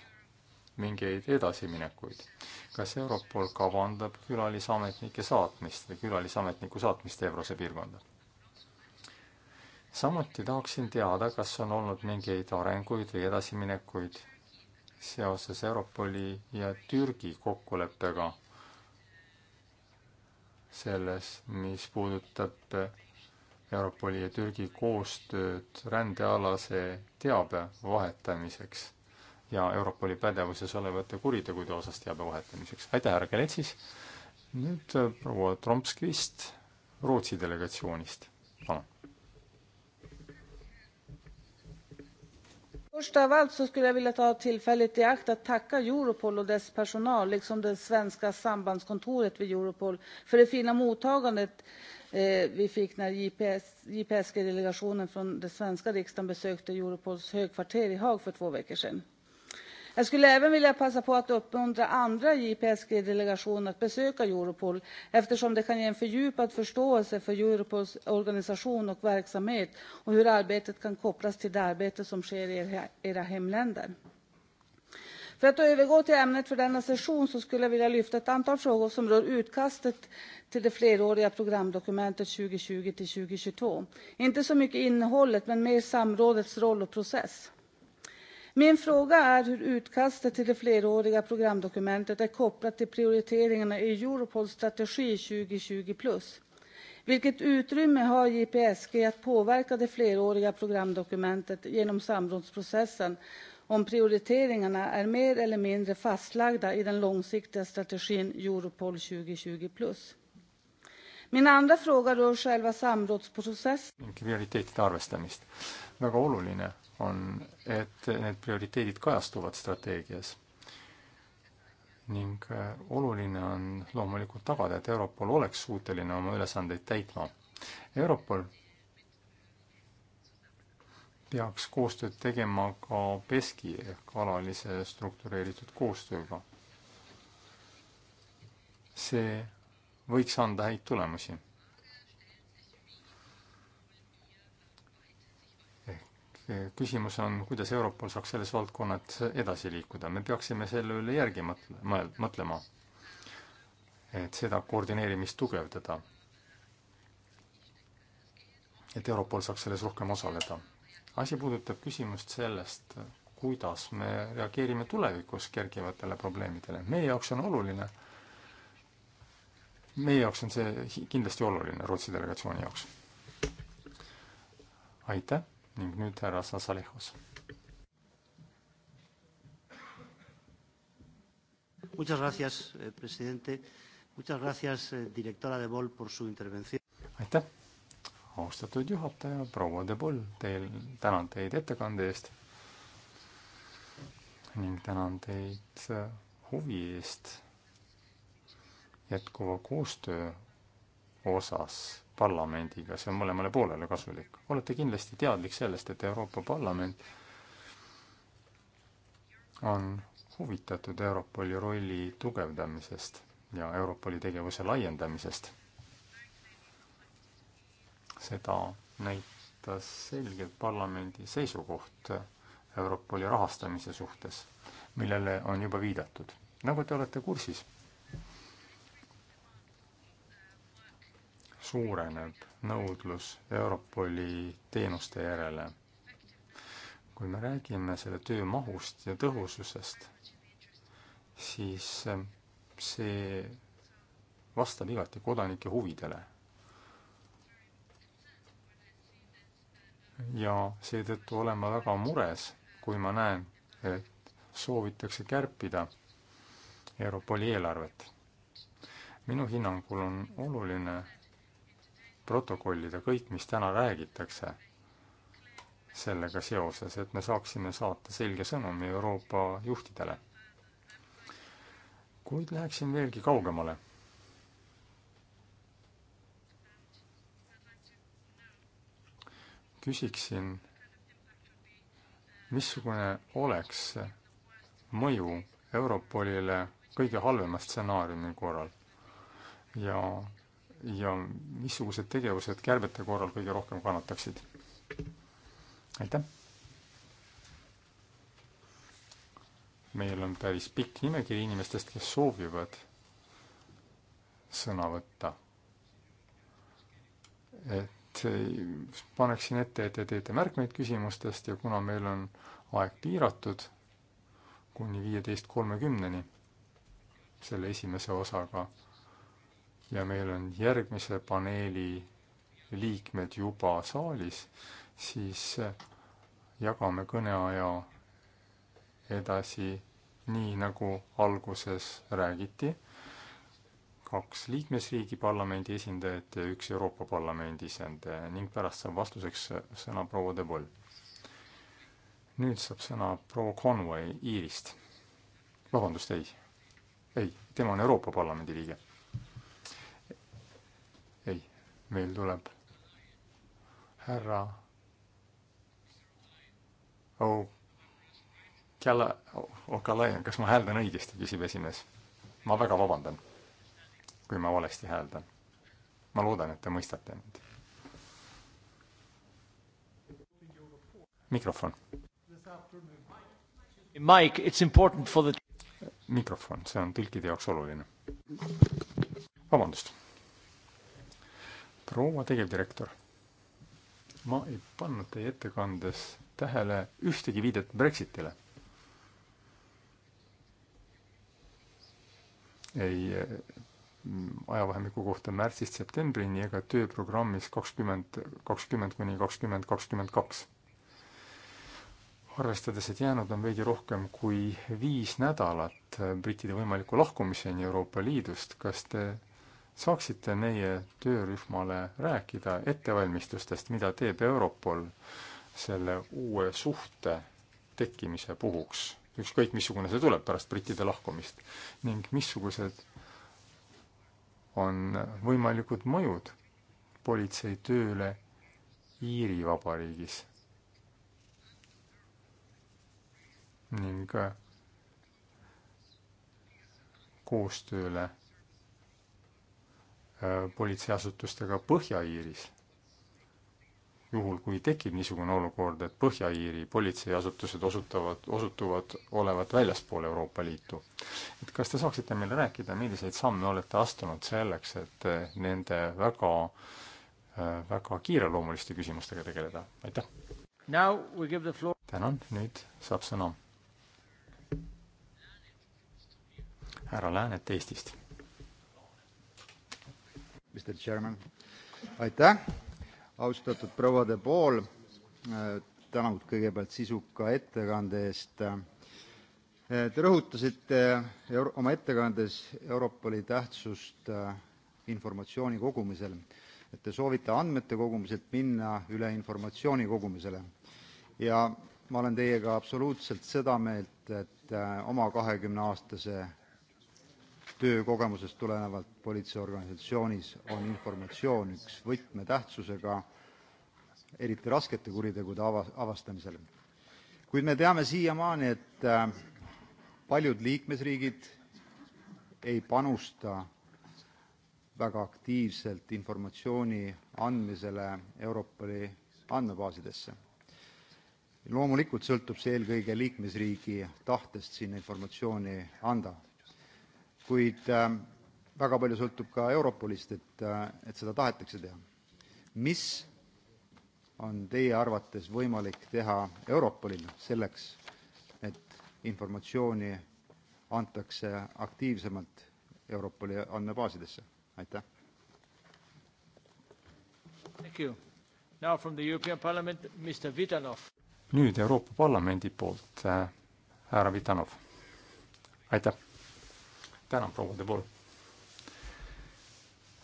mingeid edasiminekuid. kas Europol kavandab külalisametnike saatmist või külalisametniku saatmist Evrose piirkonda? samuti tahaksin teada, kas on olnud mingeid arenguid või edasiminekuid seoses Europoli ja Türgi kokkuleppega selles, mis puudutab Europoli ja Türgi koostööd rändealase teabe vahetamiseks ja Europoli pädevuses olevate kuritegude osas teabe vahetamiseks. aitäh, härra Keletsis! nüüd proua Tromskvist Rootsi delegatsioonist, palun!
Först av allt så skulle jag vilja ta tillfället i akt att tacka Europol och dess personal, liksom det svenska sambandskontoret vid Europol, för det fina mottagandet eh, vi fick när JPSG-delegationen från den svenska riksdagen besökte Europols högkvarter i Haag för två veckor sedan. Jag skulle även vilja passa på att uppmuntra andra JPSG-delegationer att besöka Europol eftersom det kan ge en fördjupad förståelse för Europols organisation och verksamhet och hur arbetet kan kopplas till det arbete som sker i era hemländer. För att övergå till ämnet för denna session skulle jag vilja lyfta ett antal frågor som rör utkastet till det fleråriga programdokumentet 2020-2022, inte så mycket innehållet men mer samrådets roll och process. Min fråga är hur utkastet till det fleråriga programdokumentet är kopplat till prioriteringarna i Europols strategi 2020+. Vilket utrymme har JPSG att påverka det fleråriga programdokumentet genom samrådsprocessen om prioriteringarna är mer eller mindre fastlagda i den långsiktiga strategin Europol 2020+? Min andra fråga rör själva samrådsprocessen.
prioriteetide arvestamist. väga oluline on, et need prioriteedid kajastuvad strateegias. ning äh, oluline on loomulikult tagada, et Europol oleks suuteline oma ülesandeid täitma. Europol peaks koostööd tegema ka PESCi ehk alalise struktureeritud koostööga. see võiks anda häid tulemusi küsimus on, kuidas Europol saaks selles valdkonnas edasi liikuda, me peaksime selle üle järgi mõtle-, mõtlema, et seda koordineerimist tugevdada. et Europol saaks selles rohkem osaleda. asi puudutab küsimust sellest, kuidas me reageerime tulevikus kerkivatele probleemidele, meie jaoks on oluline, meie jaoks on see kindlasti oluline, Rootsi delegatsiooni jaoks. aitäh! ning nüüd härra Sasalehos.
Muchas gracias, eh, presidente. Muchas gracias, eh, directora de Vol, por su intervención. aitäh, austatud juhataja,
proua de Vol, teil, tänan teid ettekande eest ning tänan teid eh, huvi eest jätkuva koostöö osas parlamendiga, see on mõlemale poolele kasulik. olete kindlasti teadlik sellest, et Euroopa Parlament on huvitatud Europoli rolli tugevdamisest ja Europoli tegevuse laiendamisest. seda näitas selgelt parlamendi seisukoht Europoli rahastamise suhtes, millele on juba viidatud. nagu te olete kursis suureneb nõudlus Europoli teenuste järele. kui me räägime selle töö mahust ja tõhususest, siis ähm, see vastab igati kodanike huvidele. ja seetõttu olen ma väga mures, kui ma näen, et soovitakse kärpida Europoli eelarvet minu hinnangul on oluline protokollida kõik, mis täna räägitakse sellega seoses, et me saaksime saata selge sõnumi Euroopa juhtidele. kuid läheksin veelgi kaugemale. küsiksin, missugune oleks mõju Europolile kõige halvema stsenaariumi korral ja ja missugused tegevused kärbete korral kõige rohkem kannataksid? aitäh! meil on päris pikk nimekiri inimestest, kes soovivad sõna võtta. et eh, paneksin ette, et te teete märkmeid küsimustest ja kuna meil on aeg piiratud kuni viieteist kolmekümneni selle esimese osaga, ja meil on järgmise paneeli liikmed juba saalis, siis eh, jagame kõneaja edasi nii, nagu alguses räägiti, kaks liikmesriigi parlamendi esindajat ja üks Euroopa Parlamendi esindaja ning pärast saab vastuseks sõna proua De Vol. nüüd saab sõna proua Conway Iirist. vabandust, ei, ei, tema on Euroopa Parlamendi liige meil tuleb härra oh, Kala- oh,, Okalaien, kas ma hääldan õigesti, küsib esimees. ma väga vabandan, kui ma valesti hääldan. ma loodan, et te mõistate mind. mikrofon. Mike, it's important for the mikrofon, see on tõlkide jaoks oluline. vabandust proua tegevdirektor, ma ei pannud teie ettekandes tähele ühtegi viidet Brexitile. ei mm, ajavahemiku kohta märtsist septembrini ega tööprogrammis kakskümmend, kakskümmend kuni kakskümmend kakskümmend kaks. arvestades, et jäänud on veidi rohkem kui viis nädalat brittide võimaliku lahkumiseni Euroopa Liidust, kas te saaksite meie töörühmale rääkida ettevalmistustest, mida teeb Europol selle uue suhte tekkimise puhuks, ükskõik missugune see tuleb pärast brittide lahkumist, ning missugused on võimalikud mõjud politsei tööle Iiri Vabariigis ning koostööle Äh, politseiasutustega Põhja-Iiris. juhul, kui tekib niisugune olukord, et Põhja-Iiri politseiasutused osutavad, osutuvad olevat väljaspool Euroopa Liitu. et kas te saaksite meile rääkida, milliseid samme olete astunud selleks, et äh, nende väga, äh, väga kiireloomuliste küsimustega tegeleda, aitäh! tänan, nüüd saab sõna
härra Läänet Eestist Mr Chairman, aitäh, austatud proua de Paul, äh, tänud kõigepealt sisuka ettekande eest. Äh, te rõhutasite oma ettekandes Europoli tähtsust äh, informatsiooni kogumisel, et te soovite andmete kogumiselt minna üle informatsiooni kogumisele ja ma olen teiega absoluutselt seda meelt, et oma kahekümne aastase töökogemusest tulenevalt politseiorganisatsioonis on informatsioon üks võtmetähtsusega, eriti raskete kuritegude avastamisel, kuid me teame siiamaani, et äh, paljud liikmesriigid ei panusta väga aktiivselt informatsiooni andmisele Europoli andmebaasidesse. Loomulikult sõltub see eelkõige liikmesriigi tahtest sinna informatsiooni anda kuid ähm, väga palju sõltub ka Europolist, et, äh, et seda tahetakse teha. mis on teie arvates võimalik teha Europolil selleks, et informatsiooni antakse aktiivsemalt Europoli andmebaasidesse, aitäh?
nüüd Euroopa Parlamendi poolt äh, härra Vitanov, aitäh! tänan, proua De Vol,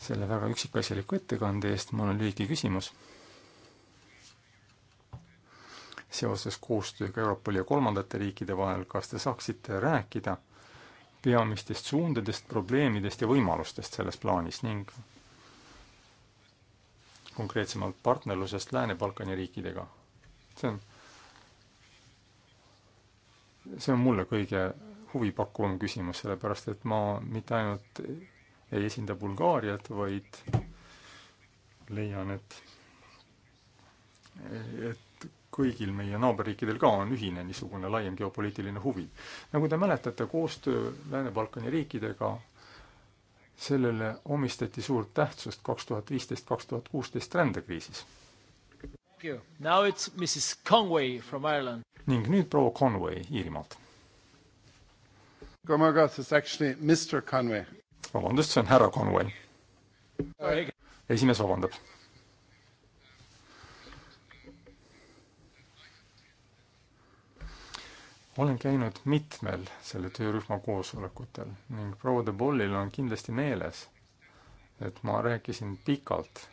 selle väga üksikasjaliku ettekande eest. mul on lühike küsimus seoses koostööga Europoli ja kolmandate riikide vahel, kas te saaksite rääkida peamistest suundadest, probleemidest ja võimalustest selles plaanis ning konkreetsemalt partnerlusest Lääne-Balkani riikidega? see on, see on mulle kõige huvipakkuvam küsimus, sellepärast et ma mitte ainult ei esinda Bulgaariat, vaid leian, et et kõigil meie naaberriikidel ka on ühine niisugune laiem geopoliitiline huvi. nagu te mäletate, koostöö Lääne-Balkani riikidega sellele omistati suurt tähtsust kaks tuhat viisteist, kaks tuhat kuusteist rändekriisis. ning nüüd proua Conway Iirimaalt
oh my god, it's actually Mr Conway.
vabandust, see on härra Conway. esimees vabandab. olen käinud mitmel selle töörühma koosolekutel ning proua de Bollil on kindlasti meeles, et ma rääkisin pikalt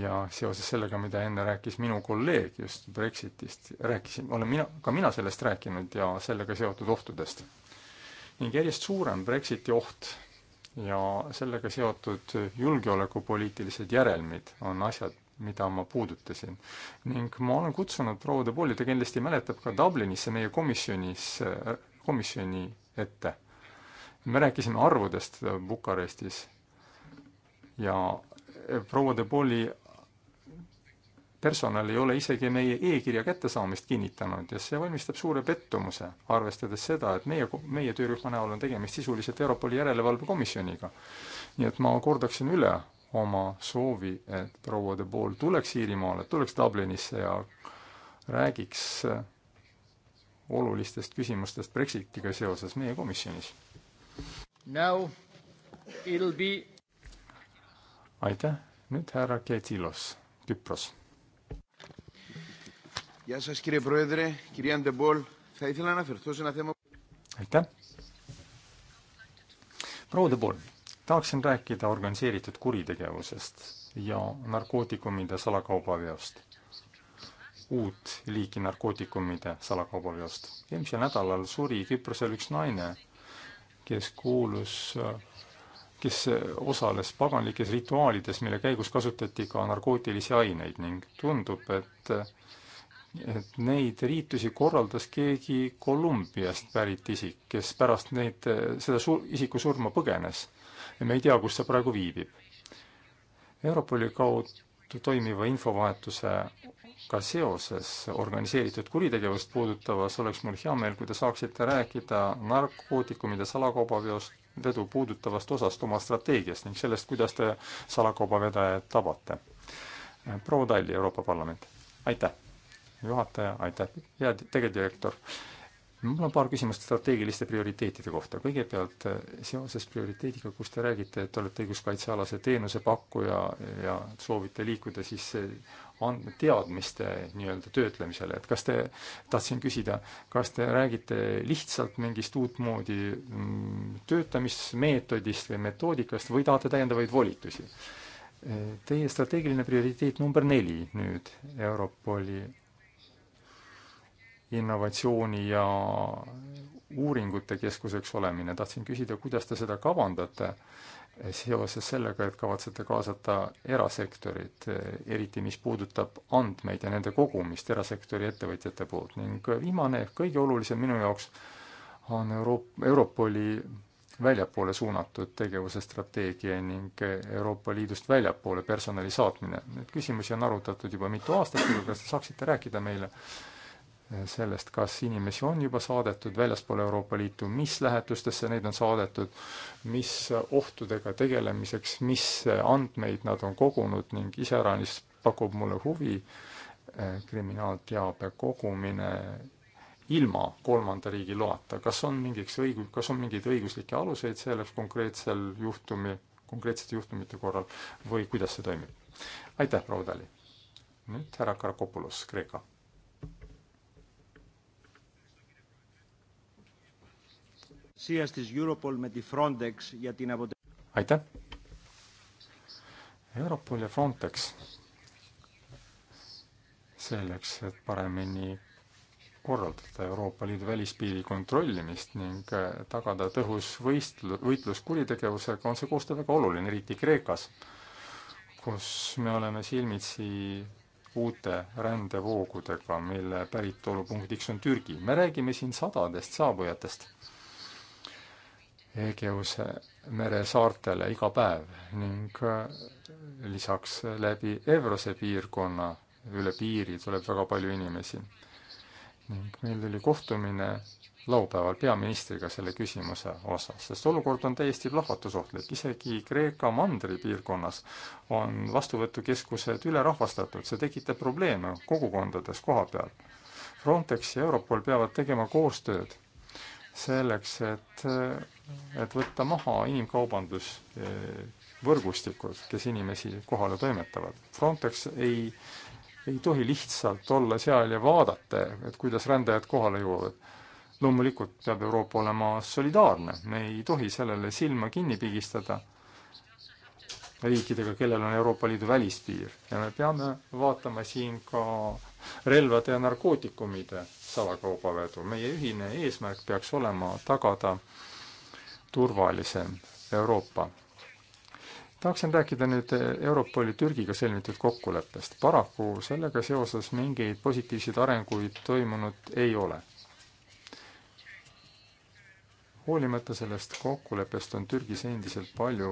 ja seoses sellega, mida enne rääkis minu kolleeg just Brexitist, rääkisin, olen mina, ka mina sellest rääkinud ja sellega seotud ohtudest. ning järjest suurem Brexiti oht ja sellega seotud julgeolekupoliitilised järelmid on asjad, mida ma puudutasin. ning ma olen kutsunud proua de Pauli, ta kindlasti mäletab ka Dublinisse meie komisjonis, komisjoni ette. me rääkisime arvudest Bukarestis ja proua de Pauli personal ei ole isegi meie e-kirja kättesaamist kinnitanud ja see valmistab suure pettumuse, arvestades seda, et meie, meie töörühma näol on tegemist sisuliselt Europoli järelevalvekomisjoniga. nii et ma kordaksin üle oma soovi, et proua de Paul tuleks Iirimaale, tuleks Dublinisse ja räägiks olulistest küsimustest Brexitiga seoses meie komisjonis. Now it'll be aitäh, nüüd härra Ketsilos, Küpros aitäh. proua De Boll, tahaksin rääkida organiseeritud kuritegevusest ja narkootikumide salakaubaveost, uut liiki narkootikumide salakaubaveost. eelmisel nädalal suri Küprosel üks naine, kes kuulus kes osales paganlikes rituaalides, mille käigus kasutati ka narkootilisi aineid ning tundub, et et neid liitusi korraldas keegi Kolumbiast pärit isik, kes pärast neid, seda sur-, isiku surma põgenes. ja me ei tea, kus ta praegu viibib. Europoli kaudu toimiva infovahetusega seoses organiseeritud kuritegevust puudutavas oleks mul hea meel, kui te saaksite rääkida narkootikumide salakaubaveost, vedu puudutavast osast oma strateegiast ning sellest, kuidas te salakaubavedajad tabate. proua Talli, Euroopa Parlament, aitäh! juhataja, aitäh, hea tegevdirektor. mul on paar küsimust strateegiliste prioriteetide kohta. kõigepealt eh, seoses prioriteediga, kus te räägite, et olete õiguskaitsealase teenusepakkuja ja soovite liikuda siis eh, andmed, teadmiste nii-öelda töötlemisele, et kas te, tahtsin küsida, kas te räägite lihtsalt mingist uutmoodi mm, töötamismeetodist või metoodikast või tahate täiendavaid volitusi? Eh, teie strateegiline prioriteet number neli nüüd Europoli innovatsiooni ja uuringute keskuseks olemine. tahtsin küsida, kuidas te seda kavandate seoses sellega, et kavatsete kaasata erasektorit, eriti mis puudutab andmeid ja nende kogumist erasektori ettevõtjate poolt ning viimane ehk kõige olulisem minu jaoks on Euroop-, Europoli väljapoole suunatud tegevuse strateegia ning Euroopa Liidust väljapoole personali saatmine. Neid küsimusi on arutatud juba mitu aastat, aga kas te saaksite rääkida meile sellest, kas inimesi on juba saadetud väljaspoole Euroopa Liitu, mis lähetustesse neid on saadetud, mis ohtudega tegelemiseks, mis andmeid nad on kogunud ning iseäranis pakub mulle huvi eh, kriminaalteabe kogumine ilma kolmanda riigi loata, kas on mingiks õigu-, kas on mingeid õiguslikke aluseid selleks konkreetsel juhtumi, konkreetsete juhtumite korral või kuidas see toimib? aitäh, proua Tali! nüüd härra Karakopulos, Kreeka aitäh! Europol ja Frontex selleks, et paremini korraldada Euroopa Liidu välispiiri kontrollimist ning äh, tagada tõhus võistlu-, võitlus kuritegevusega, on see koostöö väga oluline, eriti Kreekas, kus me oleme silmitsi uute rändevoogudega, mille päritolupunktiks on Türgi. me räägime siin sadadest saabujatest Egeuse mere saartele iga päev ning äh, lisaks läbi Evrose piirkonna, üle piiri tuleb väga palju inimesi. ning meil oli kohtumine laupäeval peaministriga selle küsimuse osas, sest olukord on täiesti plahvatusohtlik, isegi Kreeka mandripiirkonnas on vastuvõtukeskused ülerahvastatud, see tekitab probleeme kogukondades koha peal. Frontex ja Europol peavad tegema koostööd selleks, et äh, et võtta maha inimkaubandus eh, võrgustikud, kes inimesi kohale toimetavad. Frontex ei, ei tohi lihtsalt olla seal ja vaadata, et kuidas rändajad kohale jõuavad. loomulikult peab Euroopa olema solidaarne, me ei tohi sellele silma kinni pigistada riikidega, kellel on Euroopa Liidu välispiir ja me peame vaatama siin ka relvade ja narkootikumide salakaubavedu. meie ühine eesmärk peaks olema tagada äh, turvalisem Euroopa. tahaksin rääkida nüüd Europoli Türgiga sõlmitud kokkuleppest. paraku sellega seoses mingeid positiivseid arenguid toimunud ei ole. hoolimata sellest kokkuleppest on Türgis endiselt palju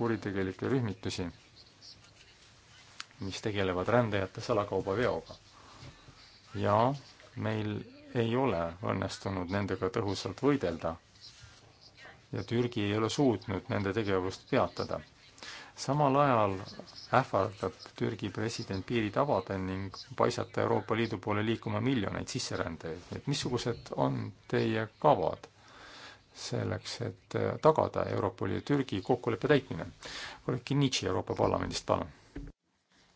kuritegelikke rühmitusi, mis tegelevad rändajate salakaubaveoga. ja meil ei ole õnnestunud nendega tõhusalt võidelda ja Türgi ei ole suutnud nende tegevust peatada. samal ajal ähvardab Türgi president piirid avada ning paisata Euroopa Liidu poole liikuma miljoneid sisserändajaid, et missugused on teie kavad selleks, et äh, tagada Euroopa Liidu ja Türgi kokkuleppe täitmine? kolleeg Kinnitši Euroopa Parlamendist, palun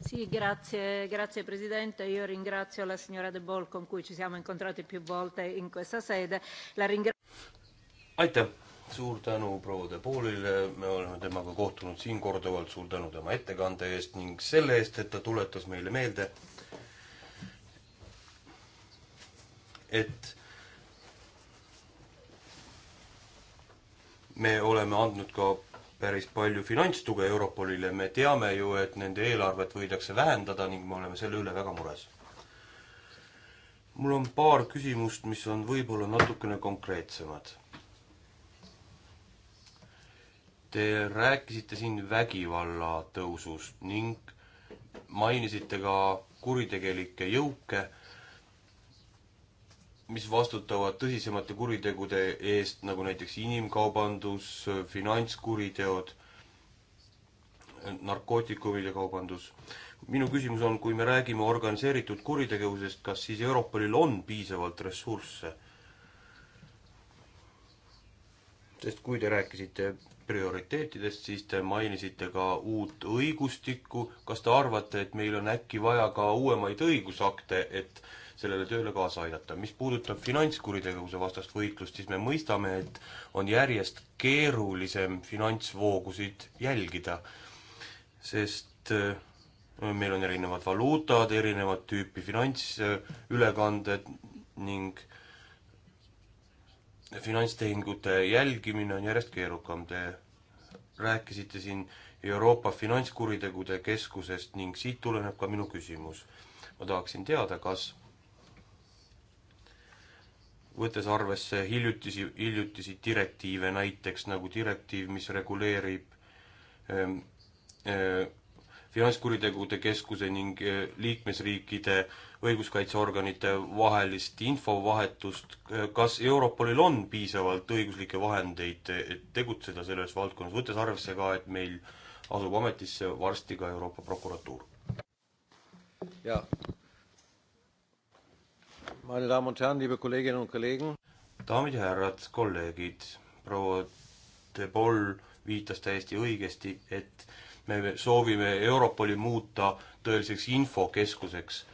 Sì, grazie, grazie Presidente. Io ringrazio la signora De Bol con cui ci siamo incontrati più volte in questa sede.
La ringrazio.
Aitäh suur tänu proua De Poolile, me oleme temaga kohtunud siin korduvalt, suur tänu tema ettekande eest ning selle eest, et ta tuletas meile meelde, et me oleme andnud ka päris palju finantstuge Europolile, me teame ju, et nende eelarvet võidakse vähendada ning me oleme selle üle väga mures. mul on paar küsimust, mis on võib-olla natukene konkreetsemad Te rääkisite siin vägivalla tõusust ning mainisite ka kuritegelikke jõuke, mis vastutavad tõsisemate kuritegude eest, nagu näiteks inimkaubandus, finantskuriteod, narkootikumide kaubandus. minu küsimus on, kui me räägime organiseeritud kuritegevusest, kas siis Europolil on piisavalt ressursse? sest kui te rääkisite prioriteetidest, siis te mainisite ka uut õigustikku. kas te arvate, et meil on äkki vaja ka uuemaid õigusakte, et sellele tööle kaasa aidata? mis puudutab finantskuritegevuse vastast võitlust, siis me mõistame, et on järjest keerulisem finantsvoogusid jälgida, sest äh, meil on erinevad valuutad, erinevat tüüpi finantsülekanded ning äh, finantstehingute jälgimine on järjest keerukam. Te rääkisite siin Euroopa Finantskuritegude Keskusest ning siit tuleneb ka minu küsimus. ma tahaksin teada, kas võttes arvesse hiljutisi, hiljutisi direktiive, näiteks nagu direktiiv, mis reguleerib ähm, äh, finantskuritegude keskuse ning äh, liikmesriikide õiguskaitseorganite vahelist infovahetust, kas Europolil on piisavalt õiguslikke vahendeid, et tegutseda selles valdkonnas, võttes arvesse ka, et meil asub ametisse varsti ka Euroopa prokuratuur? jaa. Meine Damen und Herren, liebe Kolleginnen und Kollegen. daamid ja härrad, kolleegid, proua De Paul viitas täiesti õigesti, et me soovime Europoli muuta tõeliseks infokeskuseks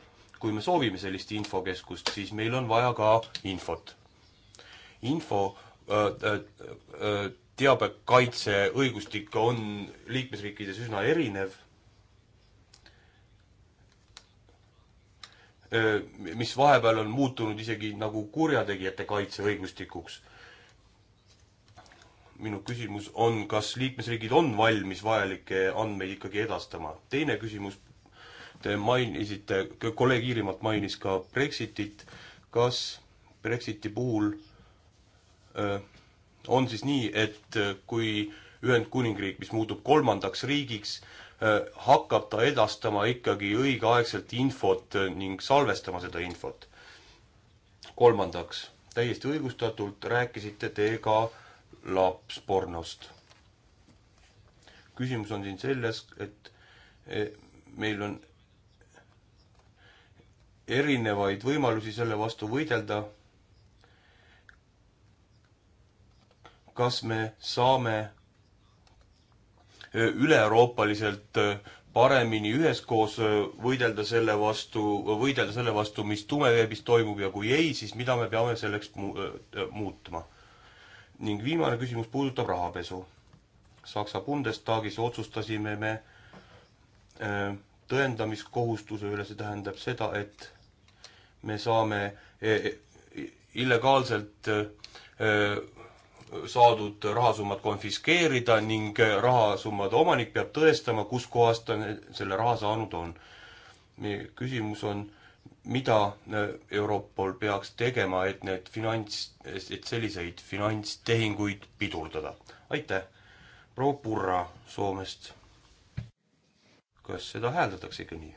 kui me soovime sellist infokeskust, siis meil on vaja ka infot. info äh, äh, teabekaitse õigustik on liikmesriikides üsna erinev mis vahepeal on muutunud isegi nagu kurjategijate kaitseõigustikuks. minu küsimus on, kas liikmesriigid on valmis vajalikke andmeid ikkagi edastama? teine küsimus Te mainisite, kolleeg Iirimaalt mainis ka Brexitit, kas Brexiti puhul öö, äh, on siis nii, et äh, kui Ühendkuningriik, mis muutub kolmandaks riigiks, äh, hakkab ta edastama ikkagi õigeaegselt infot ning salvestama seda infot. kolmandaks, täiesti õigustatult rääkisite te ka lapspornost. küsimus on siin selles, et e, meil on erinevaid võimalusi selle vastu võidelda. kas me saame üle-euroopaliselt paremini üheskoos võidelda selle vastu, võidelda selle vastu, mis tumeveebis toimub ja kui ei, siis mida me peame selleks mu muutma. ning viimane küsimus puudutab rahapesu. Saksa Bundestagis otsustasime me tõendamiskohustuse üle, see tähendab seda, et me saame e, e, illegaalselt e, saadud rahasummad konfiskeerida ning rahasummade omanik peab tõestama, kuskohast ta selle raha saanud on. meie küsimus on, mida Europol peaks tegema, et need finants, et selliseid finantstehinguid pidurdada? aitäh! proua Purra Soomest. kas seda hääldatakse ikka nii?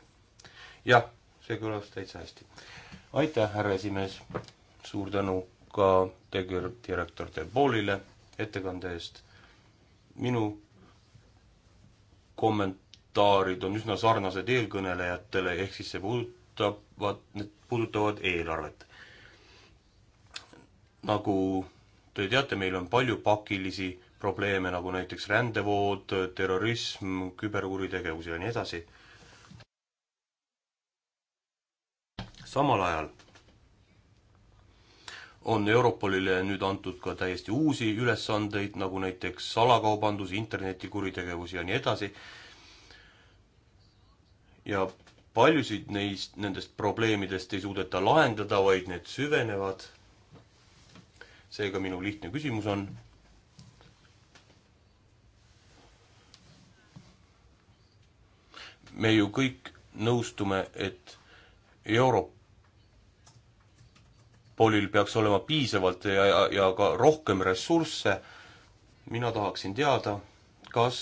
jah, see kõlas täitsa hästi aitäh, härra esimees, suur tänu ka tegevdirektor Debolile ettekande eest. minu kommentaarid on üsna sarnased eelkõnelejatele, ehk siis see puudutavad, need puudutavad eelarvet. nagu te teate, meil on palju pakilisi probleeme, nagu näiteks rändevood, terrorism, küberkuritegevus ja nii edasi samal ajal on Europolile nüüd antud ka täiesti uusi ülesandeid, nagu näiteks salakaubandus, internetikuritegevus ja nii edasi. ja paljusid neist, nendest probleemidest ei suudeta lahendada, vaid need süvenevad. seega minu lihtne küsimus on. me ju kõik nõustume, et Euroopa Polil peaks olema piisavalt ja, ja, ja ka rohkem ressursse. mina tahaksin teada, kas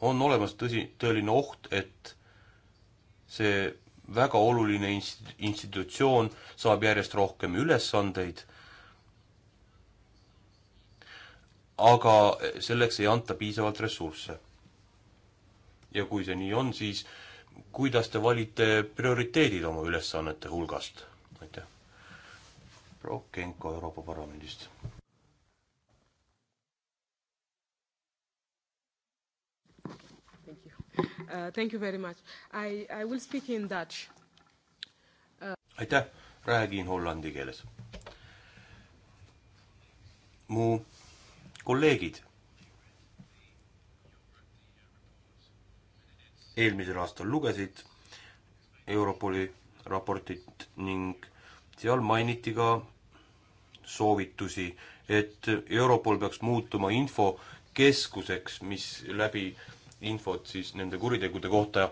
on olemas tõsi, tõeline oht, et see väga oluline inst-, institutsioon saab järjest rohkem ülesandeid, aga selleks ei anta piisavalt ressursse. ja kui see nii on, siis kuidas te valite prioriteedid oma ülesannete hulgast? proua Kenko Euroopa Parlamendist.
Uh, thank you very much. I, I will speak in Dutch uh....
aitäh, räägin hollandi keeles. mu kolleegid eelmisel aastal lugesid Europoli raportit ning seal mainiti ka soovitusi, et Europol peaks muutuma infokeskuseks, mis läbi infot siis nende kuritegude kohta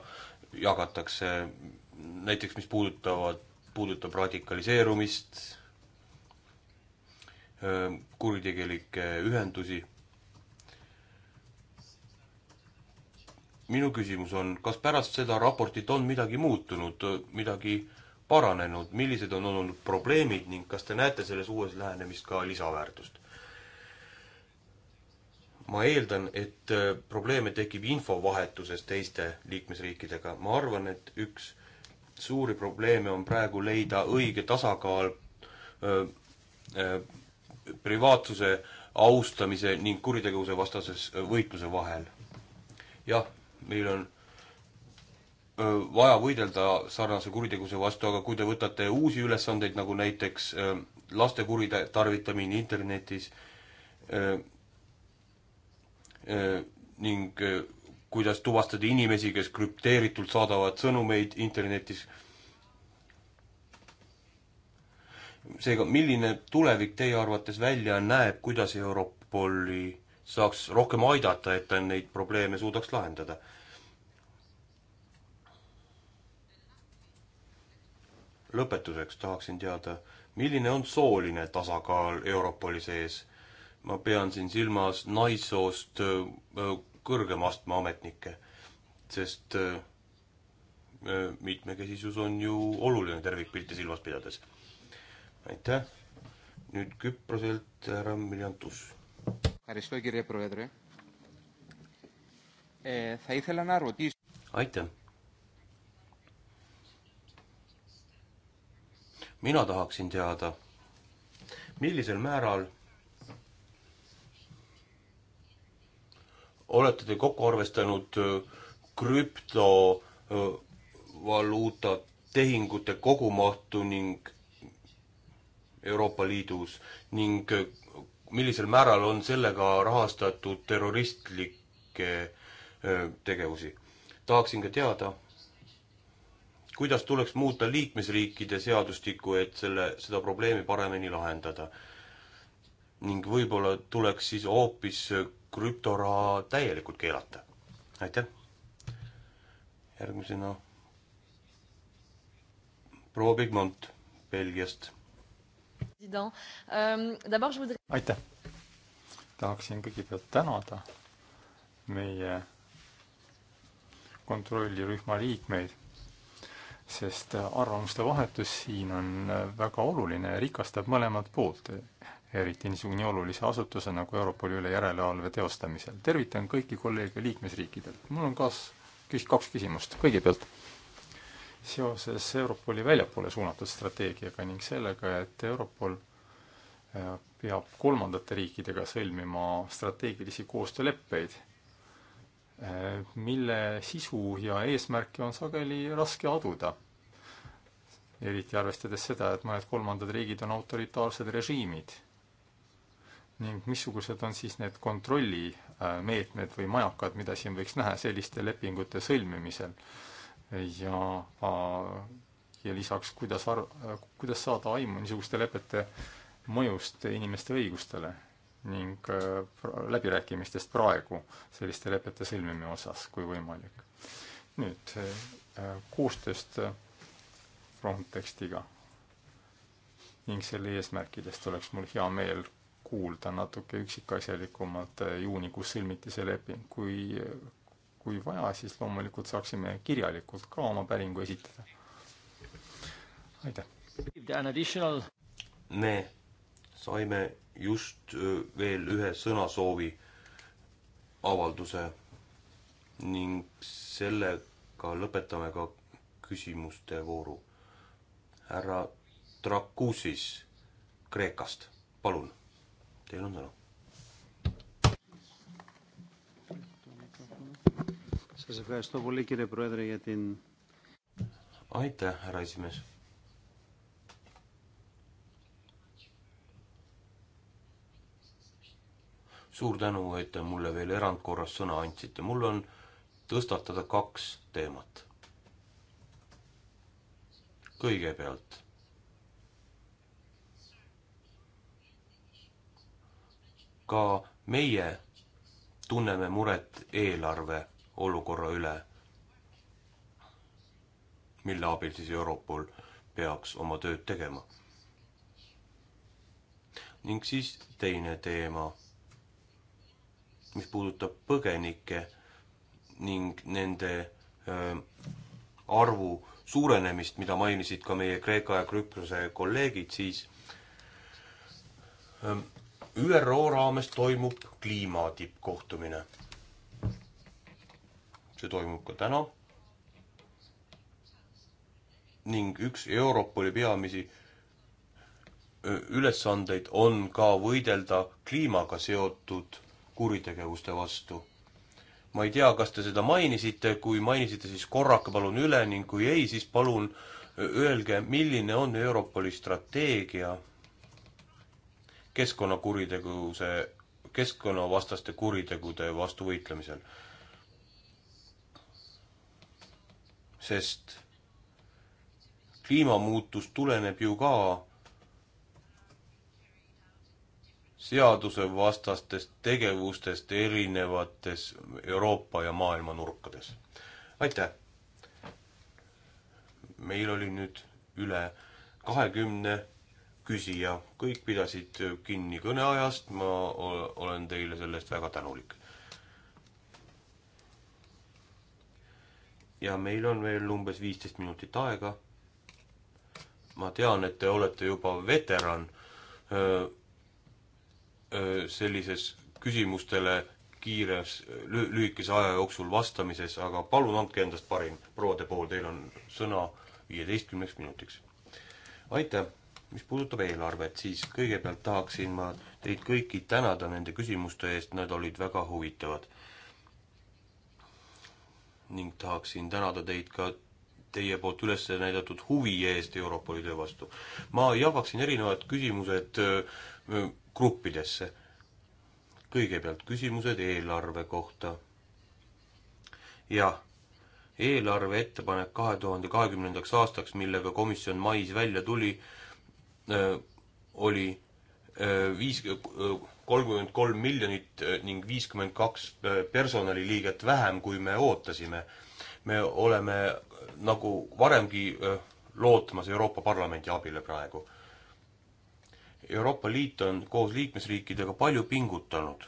jagatakse, näiteks mis puudutavad, puudutab radikaliseerumist, kuritegelikke ühendusi. minu küsimus on, kas pärast seda raportit on midagi muutunud, midagi äh, paranenud, millised on olnud probleemid ning kas te näete selles uues lähenemist ka lisaväärtust? ma eeldan, et äh, probleeme tekib infovahetuses teiste liikmesriikidega, ma arvan, et üks suuri probleeme on praegu leida õige tasakaal öö, äh, öö, äh, privaatsuse austamise ning kuritegevuse vastases võitluse vahel. jah, meil on vaja võidelda sarnase kuritegevuse vastu, aga kui te võtate uusi ülesandeid, nagu näiteks laste kuritarvitamine internetis ning kuidas tuvastada inimesi, kes krüpteeritult saadavad sõnumeid internetis. seega, milline tulevik teie arvates välja näeb, kuidas Europoli saaks rohkem aidata, et ta neid probleeme suudaks lahendada? lõpetuseks tahaksin teada, milline on sooline tasakaal Europoli sees? ma pean siin silmas naissoost äh, äh, kõrgema astme ametnikke, sest äh, mitmekesisus on ju oluline tervikpilti silmas pidades. aitäh, nüüd Küproselt härra Miljantus. aitäh. mina tahaksin teada, millisel määral olete te kokku arvestanud äh, krüptovaluuta tehingute kogumahtu ning Euroopa Liidus ning äh, millisel määral on sellega rahastatud terroristlikke äh, tegevusi. tahaksin ka teada, kuidas tuleks muuta liikmesriikide seadustikku, et selle, seda probleemi paremini lahendada? ning võib-olla tuleks siis hoopis krüptoraha täielikult keelata. aitäh! järgmisena proua Pigmont Belgiast.
Euh,
aitäh! tahaksin kõigepealt tänada meie
kontrollirühma liikmeid sest äh, arvamuste vahetus siin on äh, väga oluline ja rikastab mõlemat poolt, eriti niisugune olulise asutuse nagu Europoli üle järelevalve teostamisel. tervitan kõiki kolleege liikmesriikidelt. mul on kaas-, küs-, kaks küsimust. kõigepealt, seoses Europoli väljapoole suunatud strateegiaga ning sellega, et Europol äh, peab kolmandate riikidega sõlmima strateegilisi koostööleppeid mille sisu ja eesmärke on sageli raske aduda. eriti arvestades seda, et mõned kolmandad riigid on autoritaarsed režiimid. ning missugused on siis need kontrollimeetmed või majakad, mida siin võiks näha selliste lepingute sõlmimisel ja ja lisaks, kuidas ar-, kuidas saada aimu niisuguste lepete mõjust inimeste õigustele ning äh, läbirääkimistest praegu selliste lepete sõlmimi osas, kui võimalik. nüüd äh, koostööst äh, Frontexiga ning selle eesmärkidest oleks mul hea meel kuulda natuke üksikasjalikumalt, juunikuus sõlmiti see leping, kui kui vaja, siis loomulikult saaksime kirjalikult ka oma päringu esitada. aitäh!
me saime just veel ühe sõnasoovi avalduse ning sellega lõpetame ka küsimuste vooru. härra Trakusis Kreekast, palun, teil on sõna. aitäh, härra esimees suur tänu, et te mulle veel erandkorras sõna andsite, mul on tõstatada kaks teemat. kõigepealt ka meie tunneme muret eelarve olukorra üle, mille abil siis Europol peaks oma tööd tegema. ning siis teine teema mis puudutab põgenikke ning nende öö, arvu suurenemist, mida mainisid ka meie Kreeka ja Küprose kolleegid, siis öö, ÜRO raames toimub kliima tippkohtumine. see toimub ka täna. ning üks Europoli peamisi ülesandeid on ka võidelda kliimaga seotud kuritegevuste vastu. ma ei tea, kas te seda mainisite, kui mainisite, siis korrake palun üle ning kui ei, siis palun öelge, milline on Europoli strateegia keskkonnakuritegevuse, keskkonnavastaste kuritegude vastu võitlemisel. sest kliimamuutus tuleneb ju ka seadusevastastest tegevustest erinevates Euroopa ja maailma nurkades. aitäh! meil oli nüüd üle kahekümne küsija, kõik pidasid kinni kõneajast, ma olen teile selle eest väga tänulik. ja meil on veel umbes viisteist minutit aega. ma tean, et te olete juba veteran sellises küsimustele kiires lü, lühikese aja jooksul vastamises, aga palun andke endast parim. proua De Pool, teil on sõna viieteistkümneks minutiks. aitäh! mis puudutab eelarvet, siis kõigepealt tahaksin ma teid kõiki tänada nende küsimuste eest, nad olid väga huvitavad. ning tahaksin tänada teid ka teie poolt üles näidatud huvi eest Euroopa Liidu vastu. ma jagaksin erinevad küsimused gruppidesse. kõigepealt küsimused eelarve kohta. jah, eelarve ettepanek kahe tuhande kahekümnendaks aastaks, millega komisjon mais välja tuli, äh, oli äh, viis, äh, kolmkümmend kolm miljonit ning viiskümmend kaks personaliliiget vähem, kui me ootasime. me oleme nagu varemgi lootmas Euroopa Parlamendi abile praegu Euroopa Liit on koos liikmesriikidega palju pingutanud,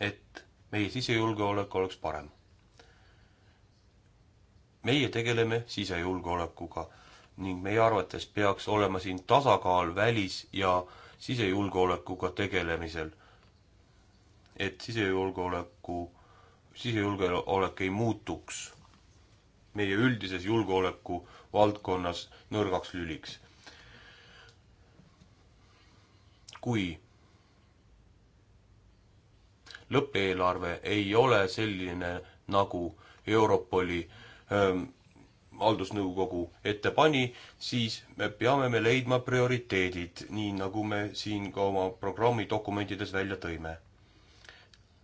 et meie sisejulgeolek oleks parem. meie tegeleme sisejulgeolekuga ning meie arvates peaks olema siin tasakaal välis- ja sisejulgeolekuga tegelemisel. et sisejulgeoleku, sisejulgeolek ei muutuks meie üldises julgeoleku valdkonnas nõrgaks lüliks. kui lõppeelarve ei ole selline, nagu Europoli ähm, haldusnõukogu ette pani, siis me peame me leidma prioriteedid, nii nagu me siin ka oma programmi dokumentides välja tõime.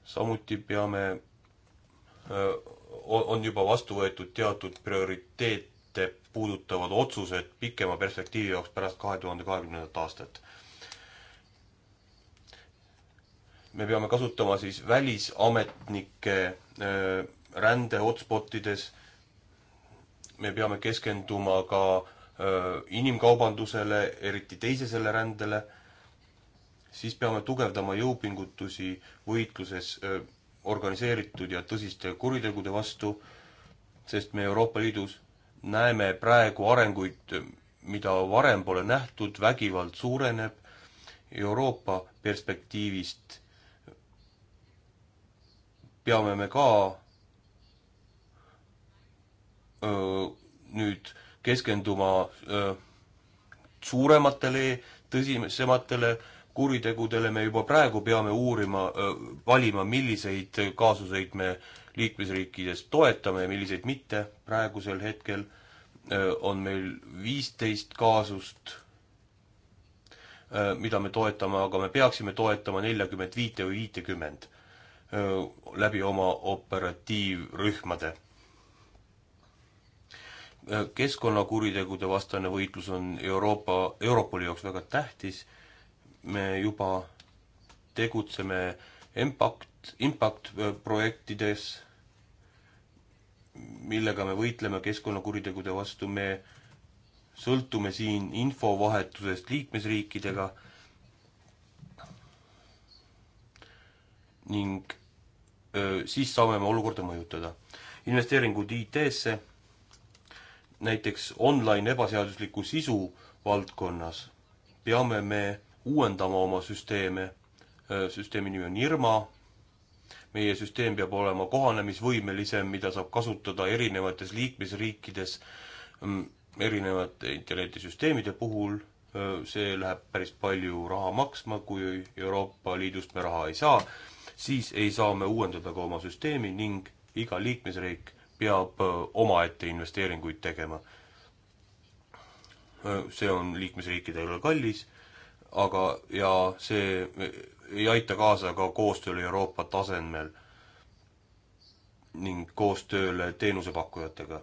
samuti peame äh,, on juba vastu võetud teatud prioriteete puudutavad otsused pikema perspektiivi jaoks pärast kahe tuhande kahekümnendat aastat me peame kasutama siis välisametnikke äh, rände hotspotides, me peame keskenduma ka äh, inimkaubandusele, eriti teisesele rändele, siis peame tugevdama jõupingutusi võitluses äh, organiseeritud ja tõsiste kuritegude vastu, sest me Euroopa Liidus näeme praegu arenguid, mida varem pole nähtud, vägivald suureneb, Euroopa perspektiivist peame me ka öö, nüüd keskenduma öö, suurematele, tõsisematele kuritegudele, me juba praegu peame uurima, valima, milliseid kaasuseid me liikmesriikides toetame ja milliseid mitte. praegusel hetkel on meil viisteist kaasust, mida me toetame, aga me peaksime toetama neljakümmet viite või viitekümmend läbi oma operatiivrühmade. keskkonnakuritegude vastane võitlus on Euroopa, Europoli jaoks väga tähtis, me juba tegutseme impact, impact projektides, millega me võitleme keskkonnakuritegude vastu, me sõltume siin infovahetusest liikmesriikidega ning siis saame me olukorda mõjutada. investeeringud IT-sse, näiteks online ebaseadusliku sisu valdkonnas, peame me uuendama oma süsteeme, süsteemi nimi on IRMA, meie süsteem peab olema kohanemisvõimelisem, mida saab kasutada erinevates liikmesriikides mm, erinevate internetisüsteemide puhul, see läheb päris palju raha maksma, kui Euroopa Liidust me raha ei saa siis ei saa me uuendada ka oma süsteemi ning iga liikmesriik peab omaette investeeringuid tegema. see on liikmesriikidele kallis, aga, ja see ei aita kaasa ka koostööle Euroopa tasemel ning koostööle teenusepakkujatega.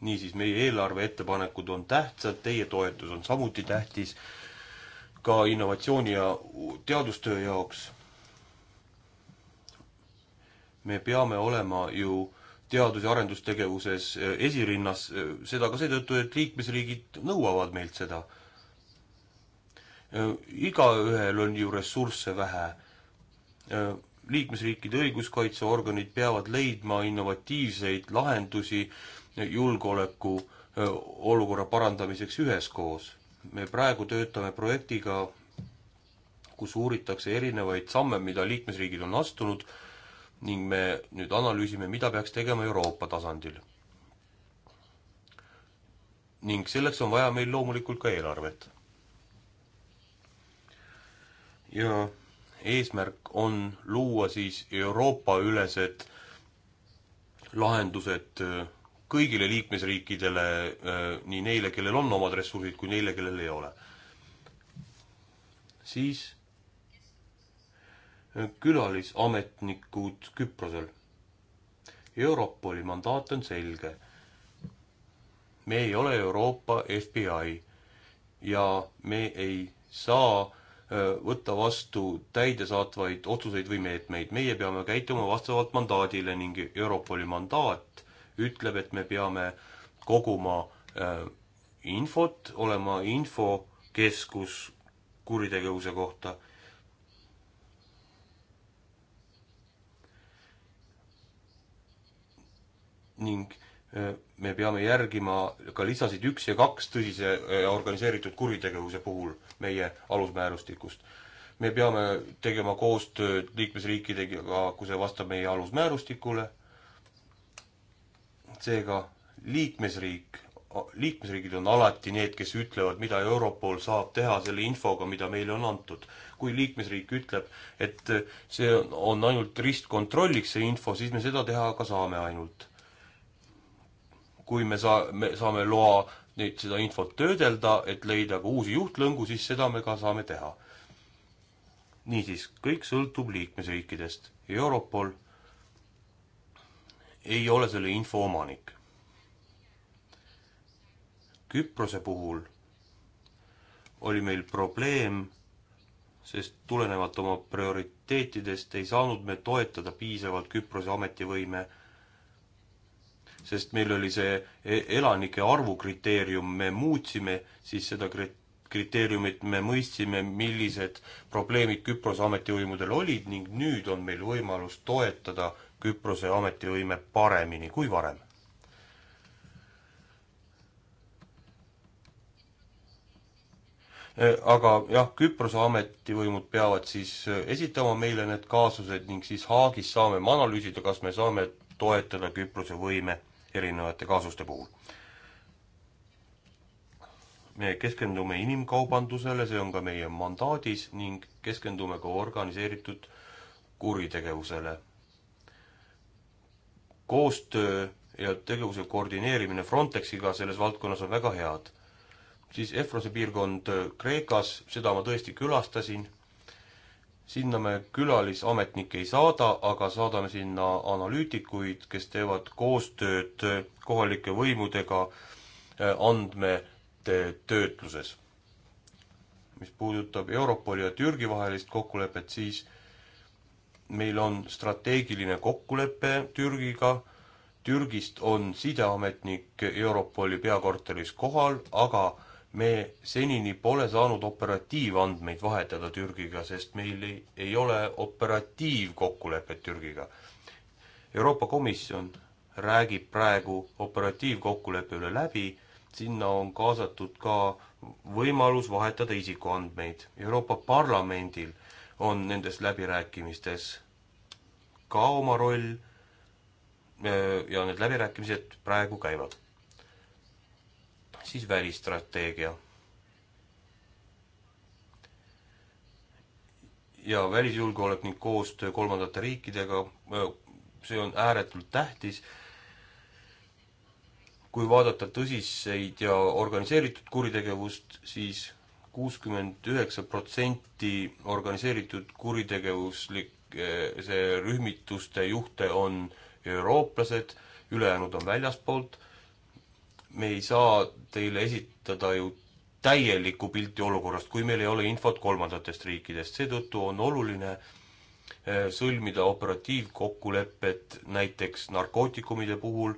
niisiis, meie eelarveettepanekud on tähtsad, teie toetus on samuti tähtis ka innovatsiooni ja teadustöö jaoks me peame olema ju teadus- ja arendustegevuses e, esirinnas, e, seda ka seetõttu, et liikmesriigid nõuavad meilt seda. E, igaühel on ju ressursse vähe. liikmesriikide õiguskaitseorganid peavad leidma innovatiivseid lahendusi julgeoleku olukorra parandamiseks üheskoos. me praegu töötame projektiga, kus uuritakse erinevaid samme, mida liikmesriigid on astunud ning me nüüd analüüsime, mida peaks tegema Euroopa tasandil. ning selleks on vaja meil loomulikult ka eelarvet. ja eesmärk on luua siis Euroopa-ülesed lahendused äh, kõigile liikmesriikidele, äh, nii neile, kellel on omad ressursid, kui neile, kellel ei ole. siis külalisametnikud Küprosel. Europoli mandaat on selge. me ei ole Euroopa FBI ja me ei saa äh, võtta vastu täidesaatvaid otsuseid või meetmeid. meie peame käituma vastavalt mandaadile ning Europoli mandaat ütleb, et me peame koguma äh, infot, olema infokeskus kuritegevuse kohta ning äh, me peame järgima ka lisasid üks ja kaks tõsise ja äh, organiseeritud kuritegevuse puhul meie alusmäärustikust. me peame tegema koostööd liikmesriikidega, kui see vastab meie alusmäärustikule, seega liikmesriik, liikmesriigid on alati need, kes ütlevad, mida Europol saab teha selle infoga, mida meile on antud. kui liikmesriik ütleb, et äh, see on ainult ristkontrolliks, see info, siis me seda teha ka saame ainult kui me saa-, me saame loa neid, seda infot töödelda, et leida ka uusi juhtlõngu, siis seda me ka saame teha. niisiis, kõik sõltub liikmesriikidest. Europol ei ole selle info omanik. Küprose puhul oli meil probleem, sest tulenevalt oma prioriteetidest ei saanud me toetada piisavalt Küprose ametivõime sest meil oli see e-, elanike arvu kriteerium, me muutsime siis seda kriteeriumit, me mõistsime, millised probleemid Küprose ametivõimudel olid ning nüüd on meil võimalus toetada Küprose ametivõime paremini kui varem. Äh, aga jah, Küprose ametivõimud peavad siis äh, esitama meile need kaasused ning siis Haagis saame me analüüsida, kas me saame toetada Küprose võime erinevate kaasuste puhul. me keskendume inimkaubandusele, see on ka meie mandaadis ning keskendume ka organiseeritud kuritegevusele. koostöö ja tegevuse koordineerimine Frontexiga selles valdkonnas on väga head. siis Efrose piirkond Kreekas, seda ma tõesti külastasin sinna me külalisametnikke ei saada, aga saadame sinna analüütikuid, kes teevad koostööd kohalike võimudega eh, andmete töötluses. mis puudutab Europoli ja Türgi vahelist kokkulepet, siis meil on strateegiline kokkulepe Türgiga, Türgist on sideametnik Europoli peakorteris kohal, aga me senini pole saanud operatiivandmeid vahetada Türgiga, sest meil ei, ei ole operatiivkokkulepet Türgiga. Euroopa Komisjon räägib praegu operatiivkokkuleppe üle läbi, sinna on kaasatud ka võimalus vahetada isikuandmeid. Euroopa Parlamendil on nendes läbirääkimistes ka oma roll ja need läbirääkimised praegu käivad siis välistrateegia. ja välisjulgeolek ning koostöö kolmandate riikidega, see on ääretult tähtis. kui vaadata tõsiseid ja organiseeritud kuritegevust, siis kuuskümmend üheksa protsenti organiseeritud kuritegevuslik, see rühmituste juhte on eurooplased, ülejäänud on väljaspoolt me ei saa teile esitada ju täielikku pilti olukorrast, kui meil ei ole infot kolmandatest riikidest, seetõttu on oluline eh, sõlmida operatiivkokkulepped, näiteks narkootikumide puhul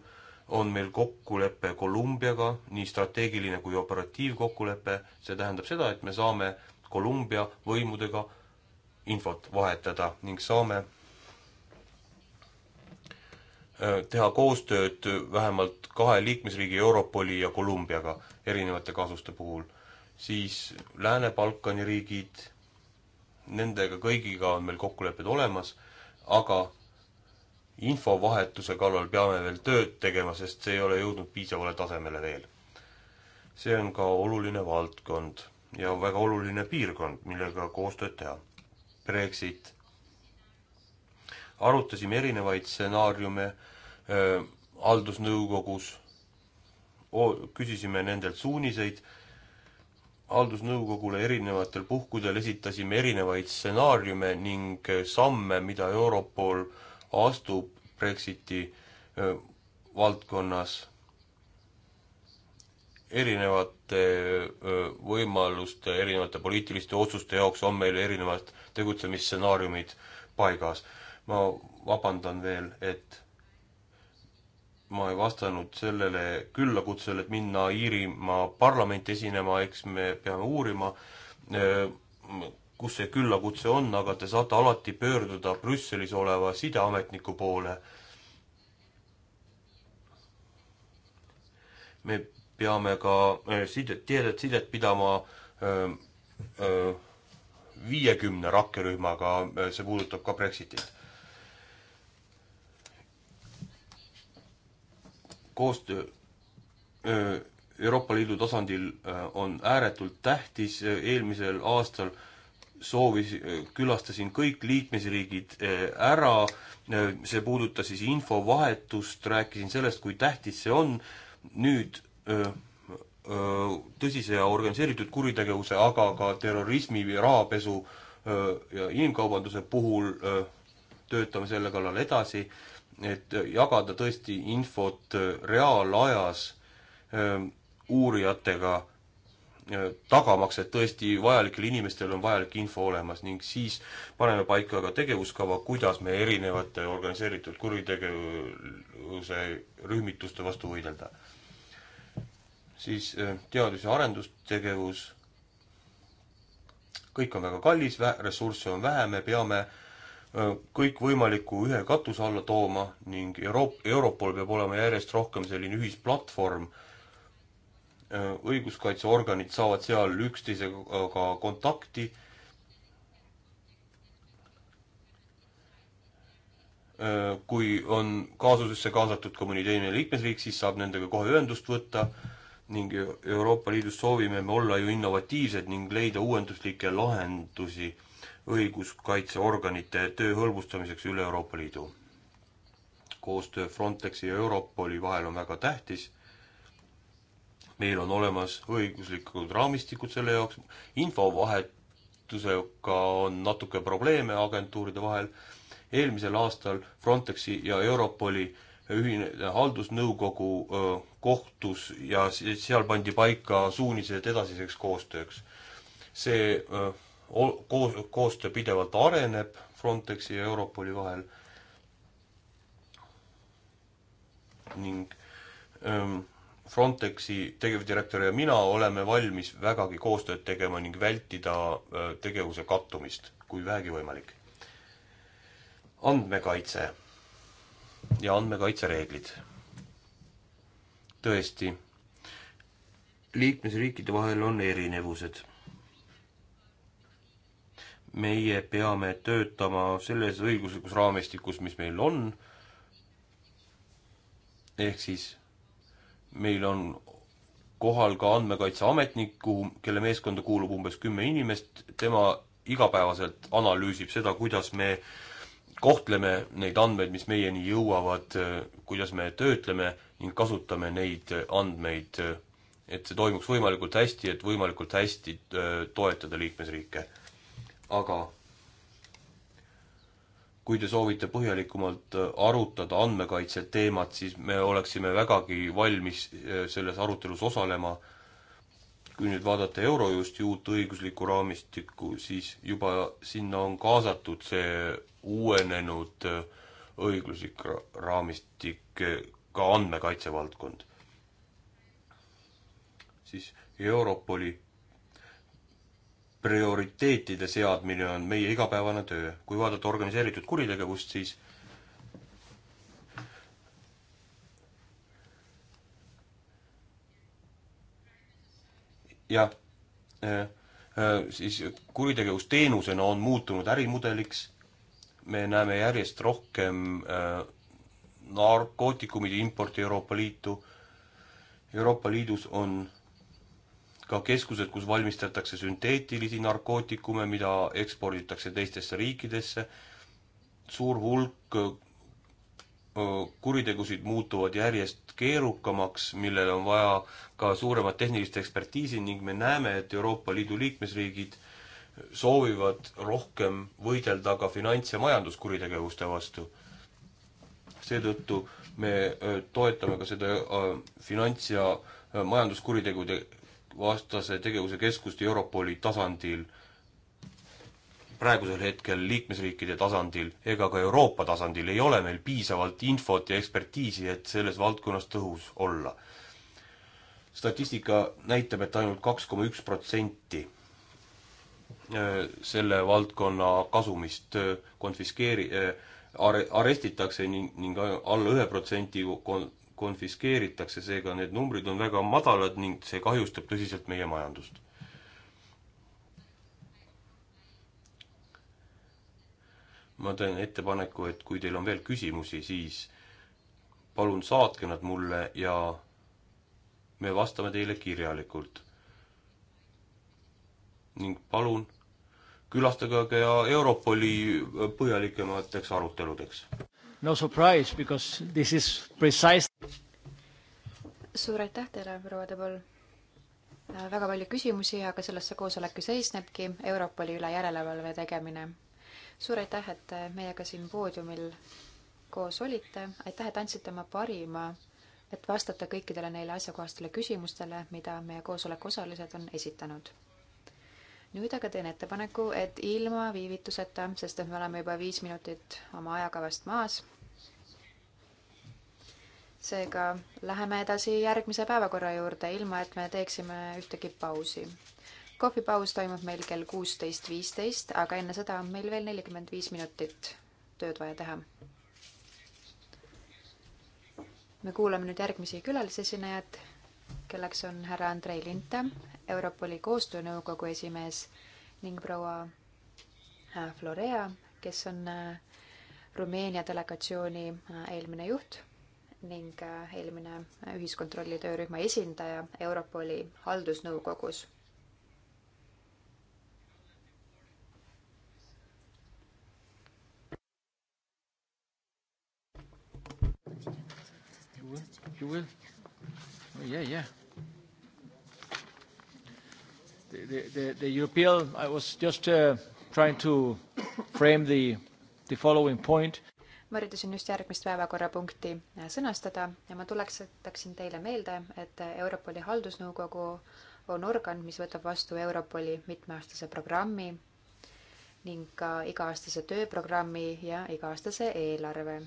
on meil kokkulepe Kolumbiaga, nii strateegiline kui operatiivkokkulepe, see tähendab seda, et me saame Kolumbia võimudega infot vahetada ning saame Äh, teha koostööd vähemalt kahe liikmesriigi, Europoli ja Kolumbiaga erinevate kaasuste puhul, siis Lääne-Balkani riigid, nendega kõigiga on meil kokkulepped olemas, aga infovahetuse kallal peame veel tööd tegema, sest see ei ole jõudnud piisavale tasemele veel. see on ka oluline valdkond ja väga oluline piirkond, millega koostööd teha. Brexit. arutasime erinevaid stsenaariume Äh, haldusnõukogus, küsisime nendelt suuniseid, haldusnõukogule erinevatel puhkudel esitasime erinevaid stsenaariume ning äh, samme, mida Europol astub Brexiti äh, valdkonnas erinevate võimaluste, erinevate poliitiliste otsuste jaoks on meil erinevad tegutsemisstsenaariumid paigas. ma vabandan veel, et ma ei vastanud sellele küllakutsele, et minna Iirimaa parlamenti esinema, eks me peame uurima, eh, kus see küllakutse on, aga te saate alati pöörduda Brüsselis oleva sideametniku poole. me peame ka eh, sidet, tihedat sidet pidama eh, viiekümne rakkerühmaga, see puudutab ka Brexitit koostöö Euroopa Liidu tasandil on ääretult tähtis, eelmisel aastal soovis, külastasin kõik liikmesriigid ära, see puudutas siis infovahetust, rääkisin sellest, kui tähtis see on, nüüd tõsise ja organiseeritud kuritegevuse, aga ka terrorismi või rahapesu ja inimkaubanduse puhul töötame selle kallal edasi et jagada tõesti infot äh, reaalajas ähm, uurijatega, äh, tagamaks, et tõesti vajalikel inimestel on vajalik info olemas ning siis paneme paika ka tegevuskava, kuidas me erinevate organiseeritud kuritegevuse rühmituste vastu võidelda. siis äh, teadus- ja arendustegevus, kõik on väga kallis, ressursse on vähe, me peame äh, Äh, kõikvõimaliku ühe katuse alla tooma ning Euroop-, Europol peab olema järjest rohkem selline ühisplatvorm, äh, õiguskaitseorganid saavad seal üksteisega kontakti, äh, kui on kaasusesse kaasatud ka mõni teine liikmesriik, siis saab nendega kohe ühendust võtta ning Euroopa Liidus soovime me olla ju innovatiivsed ning leida uuenduslikke lahendusi õiguskaitseorganite töö hõlbustamiseks üle Euroopa Liidu. koostöö Frontexi ja Europoli vahel on väga tähtis. meil on olemas õiguslikud raamistikud selle jaoks, infovahetusega on natuke probleeme agentuuride vahel. eelmisel aastal Frontexi ja Europoli ühine haldusnõukogu öö, kohtus ja seal pandi paika suunised edasiseks koostööks. see öö, koos, koostöö pidevalt areneb Frontexi ja Europoli vahel ning ähm, Frontexi tegevdirektor ja mina oleme valmis vägagi koostööd tegema ning vältida äh, tegevuse kattumist, kui vähegi võimalik. andmekaitse ja andmekaitsereeglid. tõesti, liikmesriikide vahel on erinevused meie peame töötama selles õiguslikus raamistikus, mis meil on, ehk siis meil on kohal ka andmekaitseametnik, kuhu, kelle meeskonda kuulub umbes kümme inimest, tema igapäevaselt analüüsib seda, kuidas me kohtleme neid andmeid, mis meieni jõuavad, kuidas me töötleme ning kasutame neid andmeid, et see toimuks võimalikult hästi, et võimalikult hästi äh, toetada liikmesriike aga kui te soovite põhjalikumalt äh, arutada andmekaitse teemat, siis me oleksime vägagi valmis äh, selles arutelus osalema. kui nüüd vaadata Eurojusti uut õiguslikku raamistikku, siis juba sinna on kaasatud see uuenenud äh, õiguslik raamistik, ka andmekaitse valdkond. siis Europoli prioriteetide seadmine on meie igapäevane töö. kui vaadata organiseeritud kuritegevust, siis jah, äh, äh, siis kuritegevus teenusena on muutunud ärimudeliks, me näeme järjest rohkem äh, narkootikumide importi Euroopa Liitu, Euroopa Liidus on ka keskused, kus valmistatakse sünteetilisi narkootikume, mida eksporditakse teistesse riikidesse, suur hulk kuritegusid muutuvad järjest keerukamaks, millele on vaja ka suuremat tehnilist ekspertiisi ning me näeme, et Euroopa Liidu liikmesriigid soovivad rohkem võidelda ka finants- ja majanduskuritegevuste vastu. seetõttu me toetame ka seda finants- ja majanduskuritegude vastase tegevuse keskust Europoli tasandil, praegusel hetkel liikmesriikide tasandil ega ka Euroopa tasandil ei ole meil piisavalt infot ja ekspertiisi, et selles valdkonnas tõhus olla. statistika näitab, et ainult kaks koma üks protsenti äh, selle valdkonna kasumist äh, konfiskeeri- äh, are,, arestitakse ning, ning alla ühe protsendi kon-, konfiskeeritakse, seega need numbrid on väga madalad ning see kahjustab tõsiselt meie majandust. ma teen ettepaneku, et kui teil on veel küsimusi, siis palun saatke nad mulle ja me vastame teile kirjalikult. ning palun külastage ka Europoli põhjalikemateks aruteludeks
no surprise because this is precise.
suur aitäh teile, proua De Paul. Äh, väga palju küsimusi, aga selles see koosolek ju seisnebki, Europoli üle järelevalve tegemine. suur aitäh, et meiega siin poodiumil koos olite, aitäh, et andsite oma parima, et vastata kõikidele neile asjakohastele küsimustele, mida meie koosoleku osalised on esitanud nüüd aga teen ettepaneku, et ilma viivituseta, sest et me oleme juba viis minutit oma ajakavast maas. seega läheme edasi järgmise päevakorra juurde, ilma et me teeksime ühtegi pausi. kohvipaus toimub meil kell kuusteist viisteist, aga enne seda on meil veel nelikümmend viis minutit tööd vaja teha. me kuulame nüüd järgmisi külalisesinejaid kelleks on härra Andrei Linte, Europoli koostöönõukogu esimees ning proua äh, Florea, kes on äh, Rumeenia delegatsiooni äh, eelmine juht ning eelmine ühiskontrolli töörühma esindaja Europoli haldusnõukogus.
You will? You will? Oh, yeah, yeah the, the, the European, I was just uh, trying to frame the, the following point.
ma üritasin just järgmist päevakorrapunkti äh, sõnastada ja ma tuletaksin teile meelde, et äh, Europoli haldusnõukogu on organ, mis võtab vastu Europoli mitmeaastase programmi ning ka iga-aastase tööprogrammi ja iga-aastase eelarve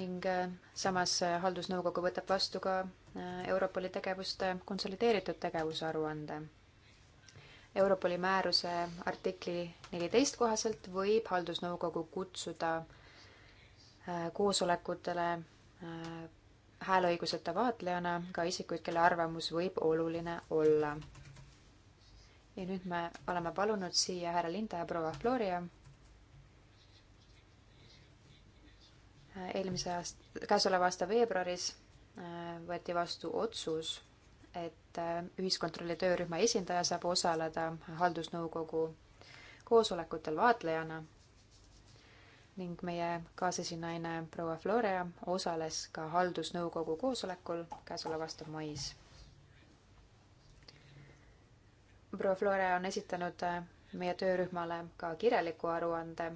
ning äh, samas haldusnõukogu võtab vastu ka Europoli tegevuste konsolideeritud tegevusaruande. Europoli määruse artikli neliteist kohaselt võib haldusnõukogu kutsuda äh, koosolekutele äh, hääleõiguseta vaatlejana ka isikuid, kelle arvamus võib oluline olla. ja nüüd me oleme palunud siia härra Linda ja proua Floria. Äh, eelmise aasta, käesoleva aasta veebruaris võeti vastu otsus et äh, ühiskontrolli töörühma esindaja saab osaleda haldusnõukogu koosolekutel vaatlejana ning meie kaasesinaine proua Florea osales ka haldusnõukogu koosolekul käesoleva aasta mais. proua Florea on esitanud äh, meie töörühmale ka kirjaliku aruande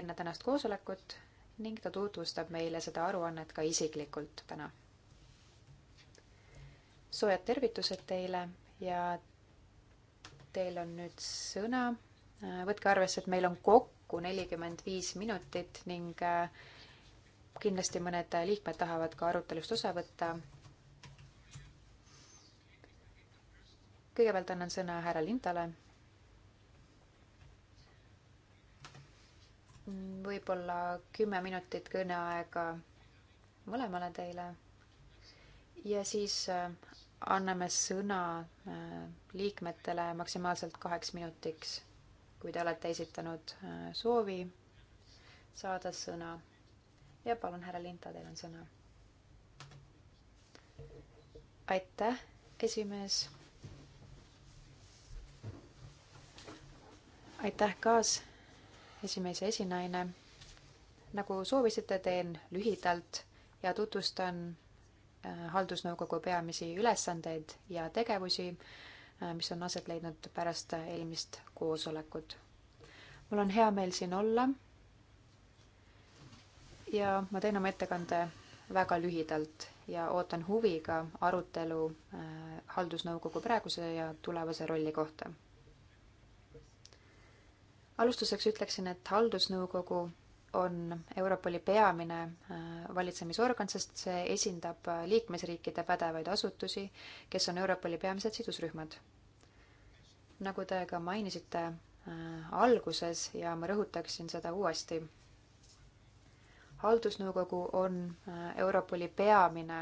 enne tänast koosolekut ning ta tutvustab meile seda aruannet ka isiklikult täna soojad tervitused teile ja teil on nüüd sõna. võtke arvesse, et meil on kokku nelikümmend viis minutit ning äh, kindlasti mõned liikmed tahavad ka arutelust osa võtta. kõigepealt annan sõna härra Lindale. võib-olla kümme minutit kõneaega mõlemale teile ja siis äh, anname sõna äh, liikmetele maksimaalselt kaheks minutiks. kui te olete esitanud äh, soovi saada sõna ja palun, härra Linta, teil on sõna. aitäh, esimees. aitäh, kaas, esimees ja esinaine. nagu soovisite, teen lühidalt ja tutvustan Äh, haldusnõukogu peamisi ülesandeid ja tegevusi, äh, mis on aset leidnud pärast eelmist koosolekut. mul on hea meel siin olla. ja ma teen oma ettekande väga lühidalt ja ootan huviga arutelu äh, haldusnõukogu praeguse ja tulevase rolli kohta. alustuseks ütleksin, et haldusnõukogu on Europoli peamine äh, valitsemisorgan, sest see esindab äh, liikmesriikide pädevaid asutusi, kes on Europoli peamised sidusrühmad. nagu te ka mainisite äh, alguses ja ma rõhutaksin seda uuesti, haldusnõukogu on Europoli peamine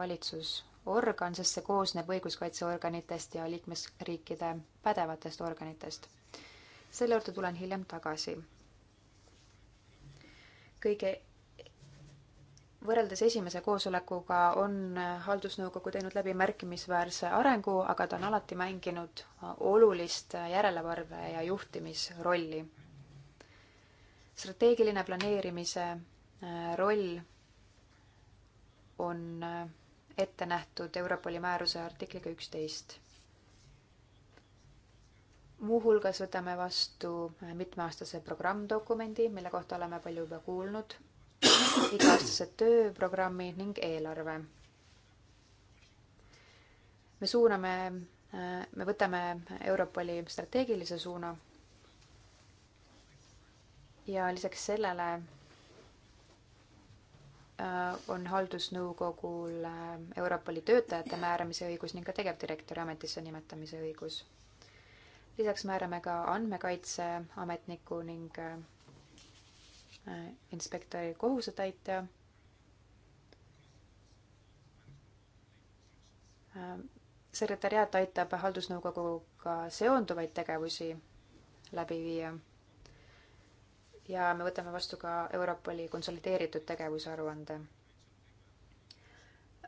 valitsusorgan, sest see koosneb õiguskaitseorganitest ja liikmesriikide pädevatest organitest. selle juurde tulen hiljem tagasi kõige, võrreldes esimese koosolekuga on haldusnõukogu teinud läbi märkimisväärse arengu, aga ta on alati mänginud olulist järelevalve ja juhtimisrolli. strateegiline planeerimise äh, roll on äh, ette nähtud Europoli määruse artikliga üksteist muuhulgas võtame vastu äh, mitmeaastase programmdokumendi, mille kohta oleme palju juba kuulnud, iga-aastase tööprogrammi ning eelarve. me suuname, äh, me võtame Europoli strateegilise suuna. ja lisaks sellele äh, on haldusnõukogul Europoli töötajate määramise õigus ning ka tegevdirektori ametisse nimetamise õigus lisaks määrame ka andmekaitseametniku ning äh, inspektori kohusetäitja. Äh, sekretäriaat aitab haldusnõukoguga seonduvaid tegevusi läbi viia. ja me võtame vastu ka Europoli konsolideeritud tegevusaruande.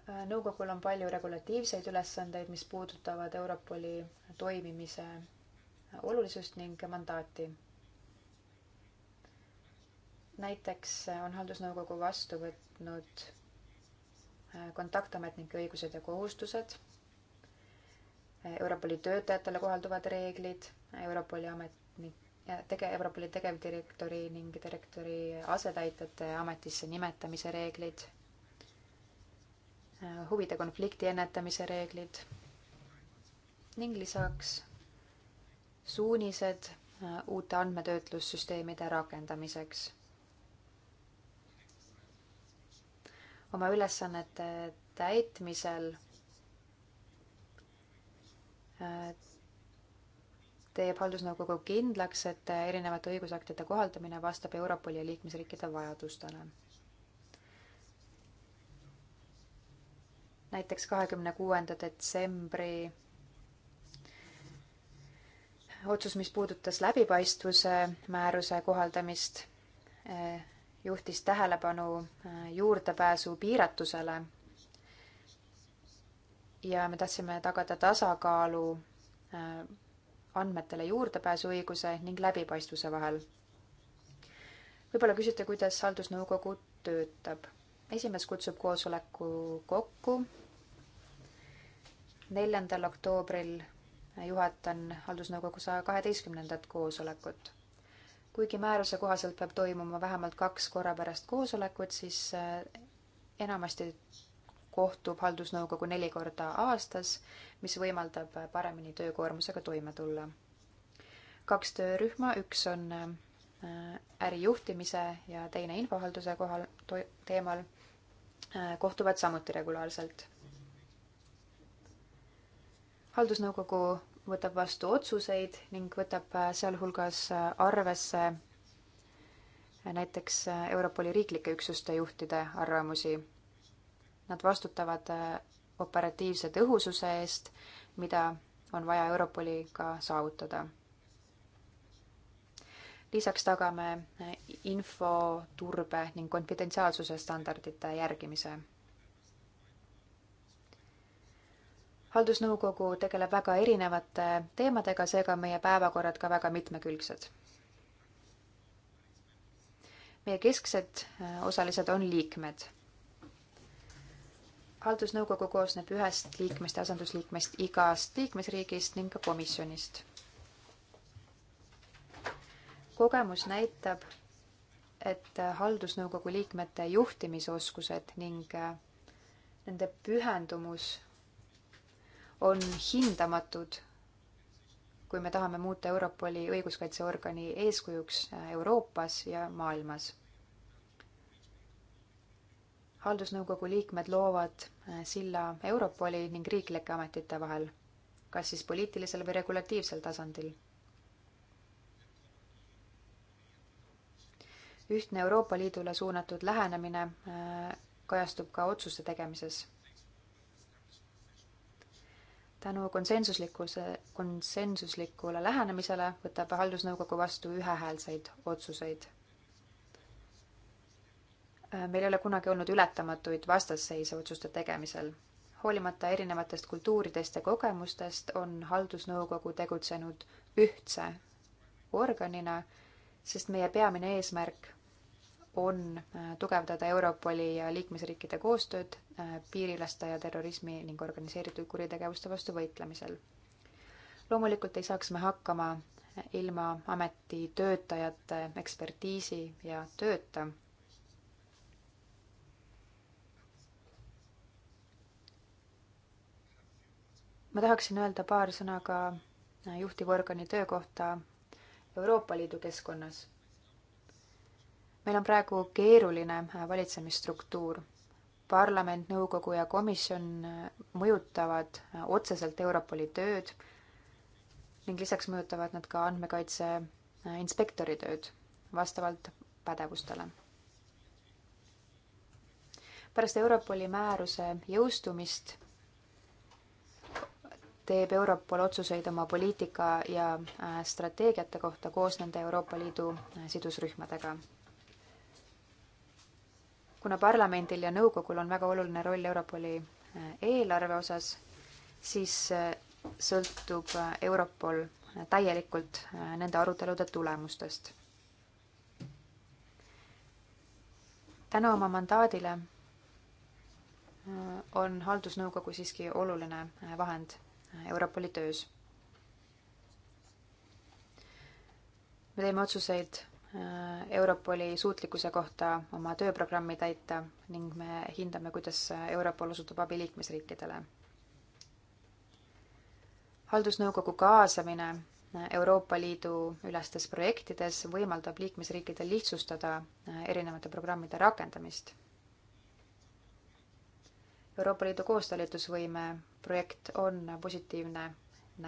Äh, nõukogul on palju regulatiivseid ülesandeid, mis puudutavad Europoli toimimise olulisust ning mandaati. näiteks on haldusnõukogu vastu võtnud äh, kontaktametnike õigused ja kohustused, Europoli töötajatele kohalduvad reeglid, Europoli ametnik, tege-, Europoli tegevdirektori ning direktori asetäitjate ametisse nimetamise reeglid, äh, huvide konflikti ennetamise reeglid ning lisaks suunised äh, uute andmetöötlussüsteemide rakendamiseks. oma ülesannete täitmisel äh, teeb haldusnõukogu kindlaks, et erinevate õigusaktide kohaldamine vastab Europoli ja liikmesriikide vajadustele. näiteks kahekümne kuuenda detsembri otsus, mis puudutas läbipaistvuse määruse kohaldamist, eh, juhtis tähelepanu eh, juurdepääsu piiratusele. ja me tahtsime tagada tasakaalu eh, andmetele juurdepääsuõiguse ning läbipaistvuse vahel. võib-olla küsite, kuidas haldusnõukogu töötab. esimees kutsub koosoleku kokku neljandal oktoobril juhatan haldusnõukogu saja kaheteistkümnendat koosolekut. kuigi määruse kohaselt peab toimuma vähemalt kaks korrapärast koosolekut, siis äh, enamasti kohtub haldusnõukogu neli korda aastas, mis võimaldab äh, paremini töökoormusega toime tulla. kaks töörühma, üks on äh, ärijuhtimise ja teine infohalduse kohal, teemal, kohtuvad samuti regulaarselt haldusnõukogu võtab vastu otsuseid ning võtab äh, sealhulgas äh, arvesse äh, näiteks Europoli riiklike üksuste juhtide arvamusi. Nad vastutavad operatiivse tõhususe eest, mida on vaja Europoliga saavutada. lisaks tagame infoturbe ning konfidentsiaalsuse standardite järgimise haldusnõukogu tegeleb väga erinevate teemadega, seega on meie päevakorrad ka väga mitmekülgsed. meie kesksed äh, osalised on liikmed. haldusnõukogu koosneb ühest liikmest ja asendusliikmest igast liikmesriigist ning ka komisjonist. kogemus näitab, et äh, haldusnõukogu liikmete juhtimisoskused ning äh, nende pühendumus on hindamatud, kui me tahame muuta Europoli õiguskaitseorgani eeskujuks äh, Euroopas ja maailmas. haldusnõukogu liikmed loovad äh, silla Europoli ning riiklike ametite vahel, kas siis poliitilisel või regulatiivsel tasandil ühtne Euroopa Liidule suunatud lähenemine äh, kajastub ka otsuste tegemises tänu konsensuslikkuse, konsensuslikule lähenemisele võtab haldusnõukogu vastu ühehäälseid otsuseid. meil ei ole kunagi olnud ületamatuid vastasseise otsuste tegemisel. hoolimata erinevatest kultuuridest ja kogemustest on haldusnõukogu tegutsenud ühtse organina, sest meie peamine eesmärk on äh, tugevdada Europoli ja liikmesriikide koostööd äh, piirilaste ja terrorismi ning organiseeritud kuritegevuste vastu võitlemisel. loomulikult ei saaks me hakkama äh, ilma ameti töötajate ekspertiisi ja tööta. ma tahaksin öelda paar sõna ka juhtivorgani töö kohta Euroopa Liidu keskkonnas meil on praegu keeruline äh, valitsemisstruktuur. parlament, nõukogu ja komisjon äh, mõjutavad äh, otseselt Europoli tööd ning lisaks mõjutavad nad ka andmekaitse inspektori tööd vastavalt pädevustele. pärast Europoli määruse jõustumist teeb Europol otsuseid oma poliitika ja strateegiate kohta koos nende Euroopa Liidu sidusrühmadega kuna parlamendil ja nõukogul on väga oluline roll Europoli äh, eelarve osas, siis äh, sõltub äh, Europol täielikult nende arutelude tulemustest. täna oma mandaadile on haldusnõukogu siiski oluline vahend Europoli töös. me teeme otsuseid Äh, Europoli suutlikkuse kohta oma tööprogrammi täita ning me hindame, kuidas Europol osutub abi liikmesriikidele. haldusnõukogu kaasamine Euroopa Liidu ülestes projektides võimaldab liikmesriikidel lihtsustada äh, erinevate programmide rakendamist Euroopa Liidu koostalitusvõime projekt on positiivne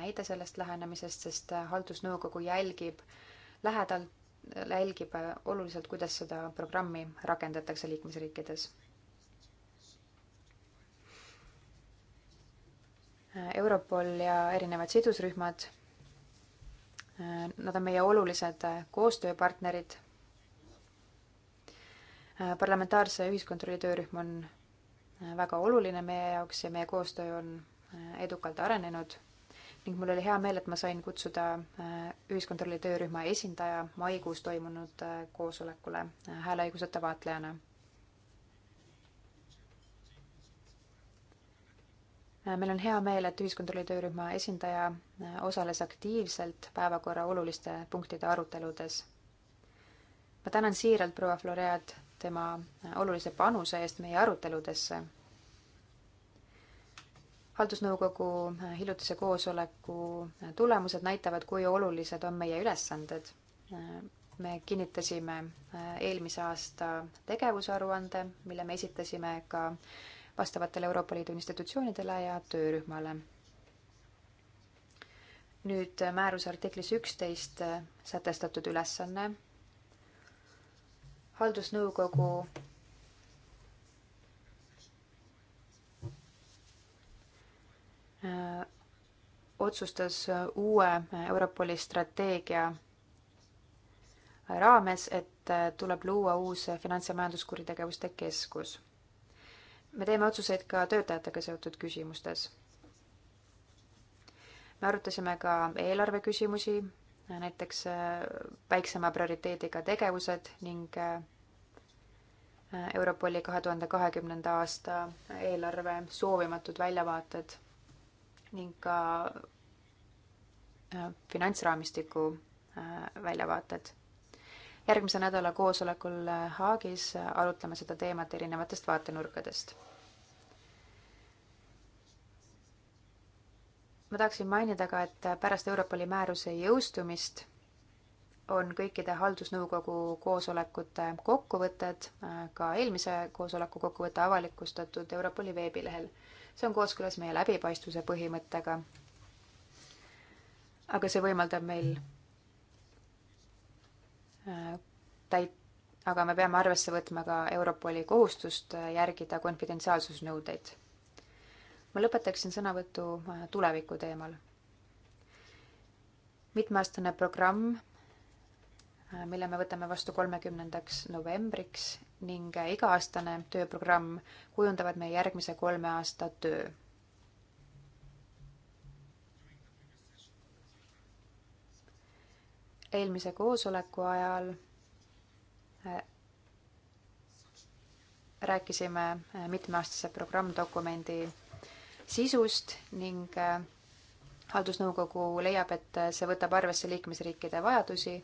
näide sellest lähenemisest, sest äh, haldusnõukogu jälgib lähedalt jälgib äh, oluliselt, kuidas seda programmi rakendatakse liikmesriikides. Europol ja erinevad sidusrühmad, äh, nad on meie olulised äh, koostööpartnerid. parlamentaarse ühiskontrolli töörühm on väga oluline meie jaoks ja meie koostöö on edukalt arenenud ning mul oli hea meel, et ma sain kutsuda äh, ühiskontrolli töörühma esindaja maikuus toimunud äh, koosolekule äh, hääleõiguseta vaatlejana. meil on hea meel, et ühiskontrolli töörühma esindaja osales aktiivselt päevakorra oluliste punktide aruteludes. ma tänan siiralt proua Floread tema olulise panuse eest meie aruteludesse haldusnõukogu äh, hiljutise koosoleku äh, tulemused näitavad, kui olulised on meie ülesanded. Äh, me kinnitasime eelmise aasta tegevusaruande, mille me esitasime ka vastavatele Euroopa Liidu institutsioonidele ja töörühmale nüüd määruse artiklis üksteist sätestatud ülesanne haldusnõukogu Äh, otsustas äh, uue äh, Europoli strateegia raames, et tuleb luua uus finants- ja majanduskuritegevuste keskus. me teeme otsuseid ka töötajatega seotud küsimustes. me arutasime ka eelarve küsimusi, näiteks väiksema prioriteediga tegevused ning Europoli kahe tuhande kahekümnenda aasta eelarve soovimatud väljavaated ning ka äh, finantsraamistiku äh, väljavaated. järgmise nädala koosolekul äh, Haagis arutleme seda teemat erinevatest vaatenurkadest. ma tahaksin mainida ka, et pärast Europoli määruse jõustumist on kõikide haldusnõukogu koosolekute kokkuvõtted, ka eelmise koosoleku kokkuvõte avalikustatud Europoli veebilehel see on kooskõlas meie läbipaistvuse põhimõttega. aga see võimaldab meil äh, täit-, aga me peame arvesse võtma ka Europoli kohustust äh, järgida konfidentsiaalsusnõudeid. ma lõpetaksin sõnavõtu äh, tuleviku teemal. mitmeaastane programm, mille me võtame vastu kolmekümnendaks novembriks ning iga-aastane tööprogramm kujundavad meie järgmise kolme aasta töö. eelmise koosoleku ajal äh, rääkisime äh, mitmeaastase programmdokumendi sisust ning äh, haldusnõukogu leiab, et see võtab arvesse liikmesriikide vajadusi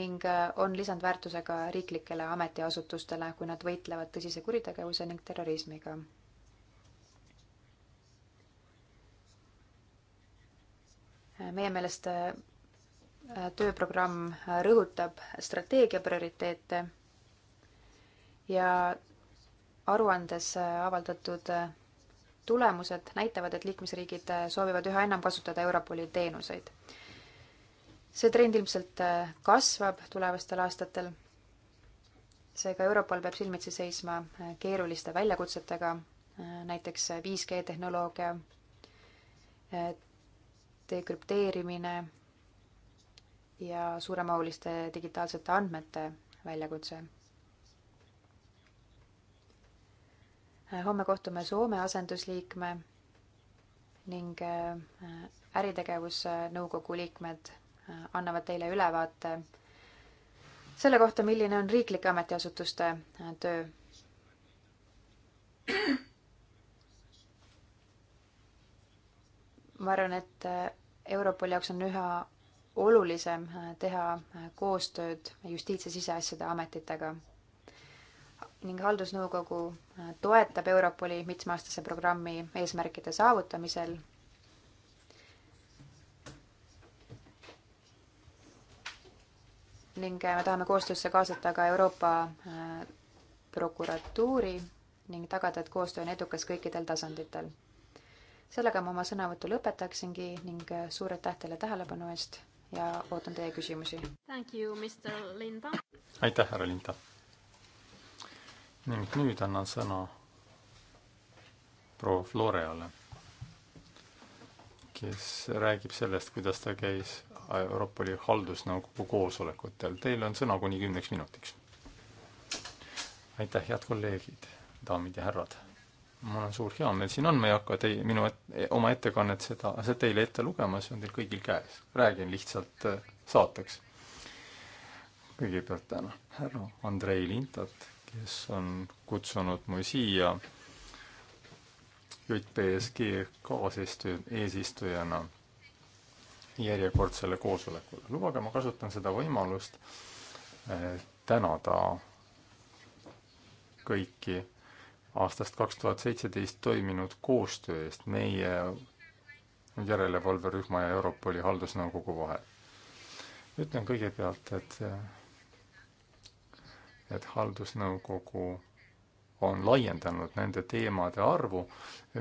ning äh, on lisandväärtusega riiklikele ametiasutustele, kui nad võitlevad tõsise kuritegevuse ning terrorismiga. meie meelest äh, tööprogramm rõhutab strateegia prioriteete ja aruandes äh, avaldatud tulemused näitavad, et liikmesriigid soovivad üha enam kasutada Europoli teenuseid see trend ilmselt äh, kasvab tulevastel aastatel. seega Europol peab silmitsi seisma äh, keeruliste väljakutsetega, äh, näiteks 5G tehnoloogia, dekrüpteerimine ja suuremahuliste digitaalsete andmete väljakutse homme kohtume Soome asendusliikme ning äritegevusnõukogu liikmed annavad teile ülevaate selle kohta, milline on riiklike ametiasutuste äh, töö. ma arvan, et äh, Europoli jaoks on üha olulisem äh, teha koostööd justiits- ja siseasjade ametitega ning haldusnõukogu toetab Europoli mitmeaastase programmi eesmärkide saavutamisel ning me tahame koostöösse kaasata ka Euroopa äh, prokuratuuri ning tagada, et koostöö on edukas kõikidel tasanditel. sellega ma oma sõnavõtu lõpetaksingi ning äh, suur aitäh teile tähelepanu eest ja ootan teie küsimusi.
aitäh, härra Linda. ning nüüd annan sõna proua Floreale, kes räägib sellest, kuidas ta käis Europoli haldusnõukogu koosolekutel. Teil on sõna kuni kümneks minutiks. aitäh, head kolleegid, daamid ja härrad. mul on suur heameel siin on, ma ei hakka teie, minu et, e-, oma ettekannet seda, seda teile ette lugema, see on teil kõigil käes. räägin lihtsalt äh, saateks. kõigepealt tänan härra Andrei Lintat, kes on kutsunud mu siia JPSG kaasistujana järjekordsele koosolekule. lubage, ma kasutan seda võimalust eh, tänada kõiki aastast kaks tuhat seitseteist toiminud koostöö eest meie järelevalverühma ja Europoli haldusnõukogu vahel. ütlen kõigepealt, et et haldusnõukogu on laiendanud nende teemade arvu,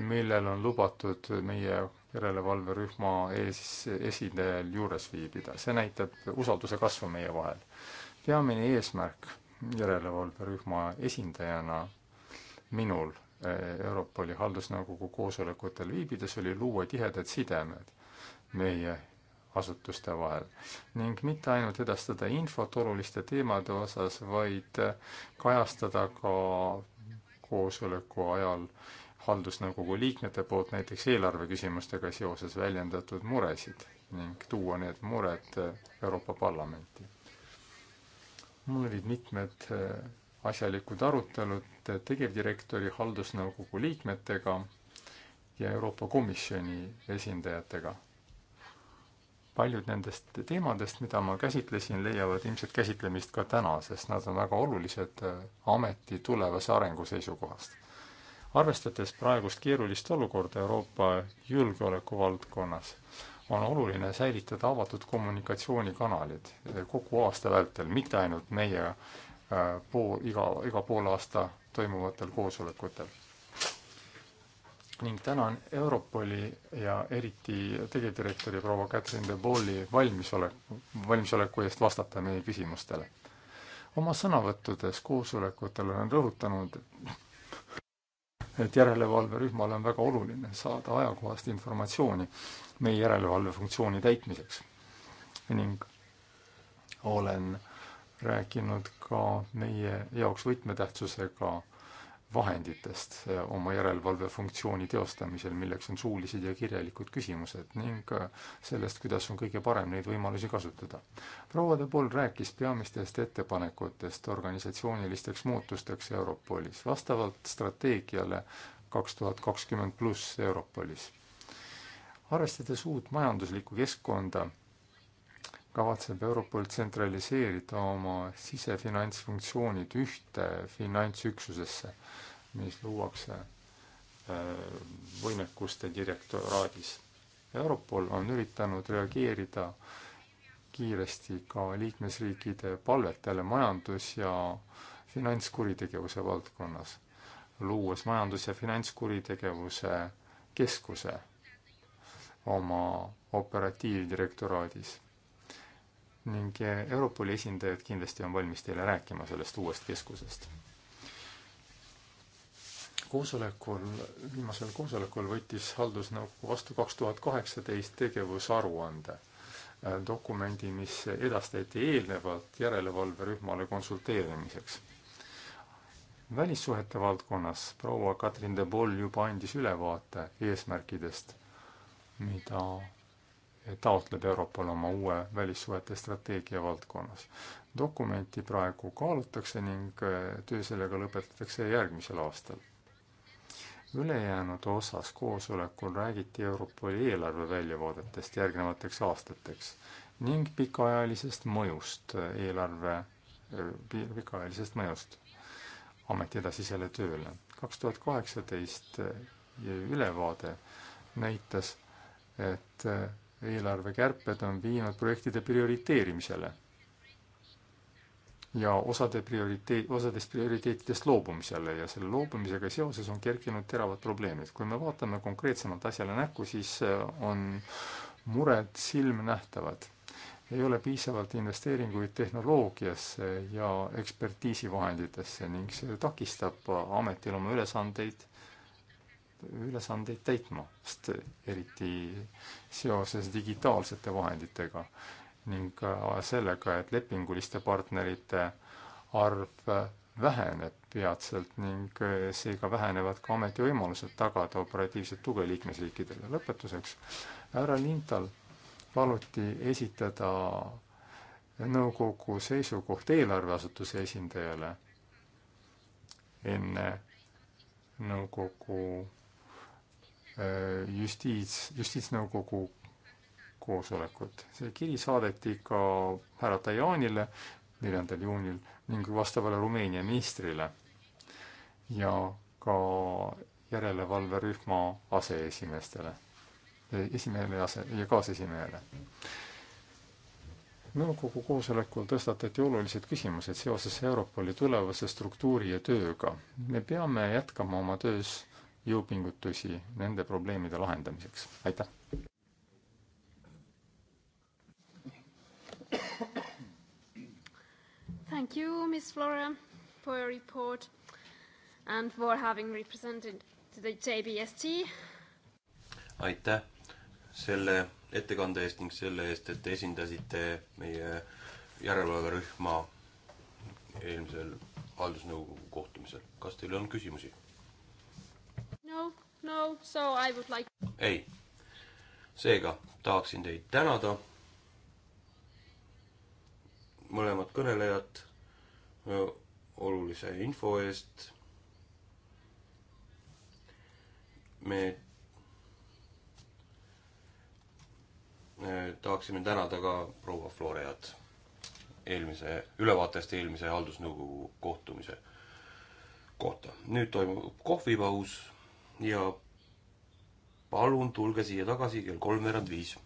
millel on lubatud meie järelevalverühma ees, esindajal juures viibida. see näitab usalduse kasvu meie vahel. peamine eesmärk järelevalverühma esindajana minul eh, Europoli haldusnõukogu koosolekutel viibides oli luua tihedad sidemed meie asutuste vahel ning mitte ainult edastada infot oluliste teemade osas, vaid eh, kajastada ka koosoleku ajal äh, haldusnõukogu liikmete poolt näiteks eelarveküsimustega seoses väljendatud muresid ning tuua need mured äh, Euroopa Parlamenti. mul olid mitmed äh, asjalikud arutelud äh, tegevdirektori haldusnõukogu liikmetega ja Euroopa Komisjoni esindajatega. paljud nendest teemadest, mida ma käsitlesin, leiavad ilmselt käsitlemist ka täna, sest nad on väga olulised ameti tulevase arengu seisukohast arvestades praegust keerulist olukorda Euroopa julgeoleku valdkonnas, on oluline säilitada avatud kommunikatsioonikanalid kogu aasta vältel, mitte ainult meie äh, pool, iga, iga poole aasta toimuvatel koosolekutel. ning tänan Europoli ja eriti tegevdirektori proua Catherine de Bolli valmisoleku, valmisoleku eest vastata meie küsimustele. oma sõnavõttudes koosolekutel olen rõhutanud, et et järelevalverühmale on väga oluline saada ajakohast informatsiooni meie järelevalvefunktsiooni täitmiseks. ning olen rääkinud ka meie jaoks võtmetähtsusega vahenditest oma järelevalvefunktsiooni teostamisel, milleks on suulised ja kirjalikud küsimused ning äh, sellest, kuidas on kõige parem neid võimalusi kasutada. proua de Paul rääkis peamistest ettepanekutest organisatsioonilisteks muutusteks Europolis vastavalt strateegiale kaks tuhat kakskümmend pluss Europolis. arvestades uut majanduslikku keskkonda kavatseb Europol tsentraliseerida oma sisefinantsfunktsioonid ühte finantsüksusesse, mis luuakse äh, võimekuste direktoraadis. Europol on üritanud reageerida kiiresti ka liikmesriikide palvetele majandus- ja finantskuritegevuse valdkonnas, luues majandus- ja finantskuritegevuse keskuse oma operatiivdirektoraadis ning Europoli esindajad kindlasti on valmis teile rääkima sellest uuest keskusest. koosolekul, viimasel koosolekul võttis haldusnõukogu vastu kaks tuhat kaheksateist tegevusaruande, äh, dokumendi, mis edastati eelnevalt järelevalverühmale konsulteerimiseks. välissuhete valdkonnas proua Katrin de Boll juba andis ülevaate eesmärkidest, mida taotleb Europol oma uue välissuhete strateegia valdkonnas. dokumenti praegu kaalutakse ning äh, töö sellega lõpetatakse järgmisel aastal. ülejäänud osas koosolekul räägiti Europoli eelarve väljavaadetest järgnevateks aastateks ning pikaajalisest mõjust äh, eelarve, äh, pikaajalisest mõjust ameti edasisele tööle. kaks tuhat kaheksateist ülevaade näitas, et eelarvekärped on viinud projektide prioriteerimisele ja osade prioriteet, osadest prioriteetidest loobumisele ja selle loobumisega seoses on kerkinud teravad probleemid. kui me vaatame konkreetsemalt asjale näkku, siis äh, on mured silmnähtavad. ei ole piisavalt investeeringuid tehnoloogiasse ja ekspertiisivahenditesse ning see takistab ametil oma ülesandeid ülesandeid täitma, sest eriti seoses digitaalsete vahenditega ning sellega, et lepinguliste partnerite arv väheneb peatselt ning seega vähenevad ka ametivõimalused tagada operatiivset tuge liikmesriikidele. lõpetuseks, härra Lintal paluti esitada nõukogu seisukoht eelarveasutuse esindajale enne nõukogu Äh, justiits, justiitsnõukogu koosolekut. see kiri saadeti ka härra Tajanile neljandal juunil ning vastavale Rumeenia ministrile ja ka järelevalverühma aseesimeestele, esimehele ja ase- ja kaasesimehele. nõukogu koosolekul tõstatati olulised küsimused seoses Europoli tulevase struktuuri ja tööga. me peame jätkama oma töös jõupingutusi nende probleemide lahendamiseks, aitäh!
Thank you, Ms Flora, for your report and for having represented the JBST.
aitäh selle ettekande eest ning selle eest, et te esindasite meie järelevalverühma eelmisel haldusnõukogu kohtumisel. kas teil on küsimusi?
no, no, so I would like.
ei, seega tahaksin teid tänada. mõlemad kõnelejad olulise info eest. me tahaksime tänada ka proua Floreat eelmise, ülevaatest eelmise haldusnõukogu kohtumise kohta. nüüd toimub kohvipaus ja palun tulge siia tagasi kell kolmveerand viis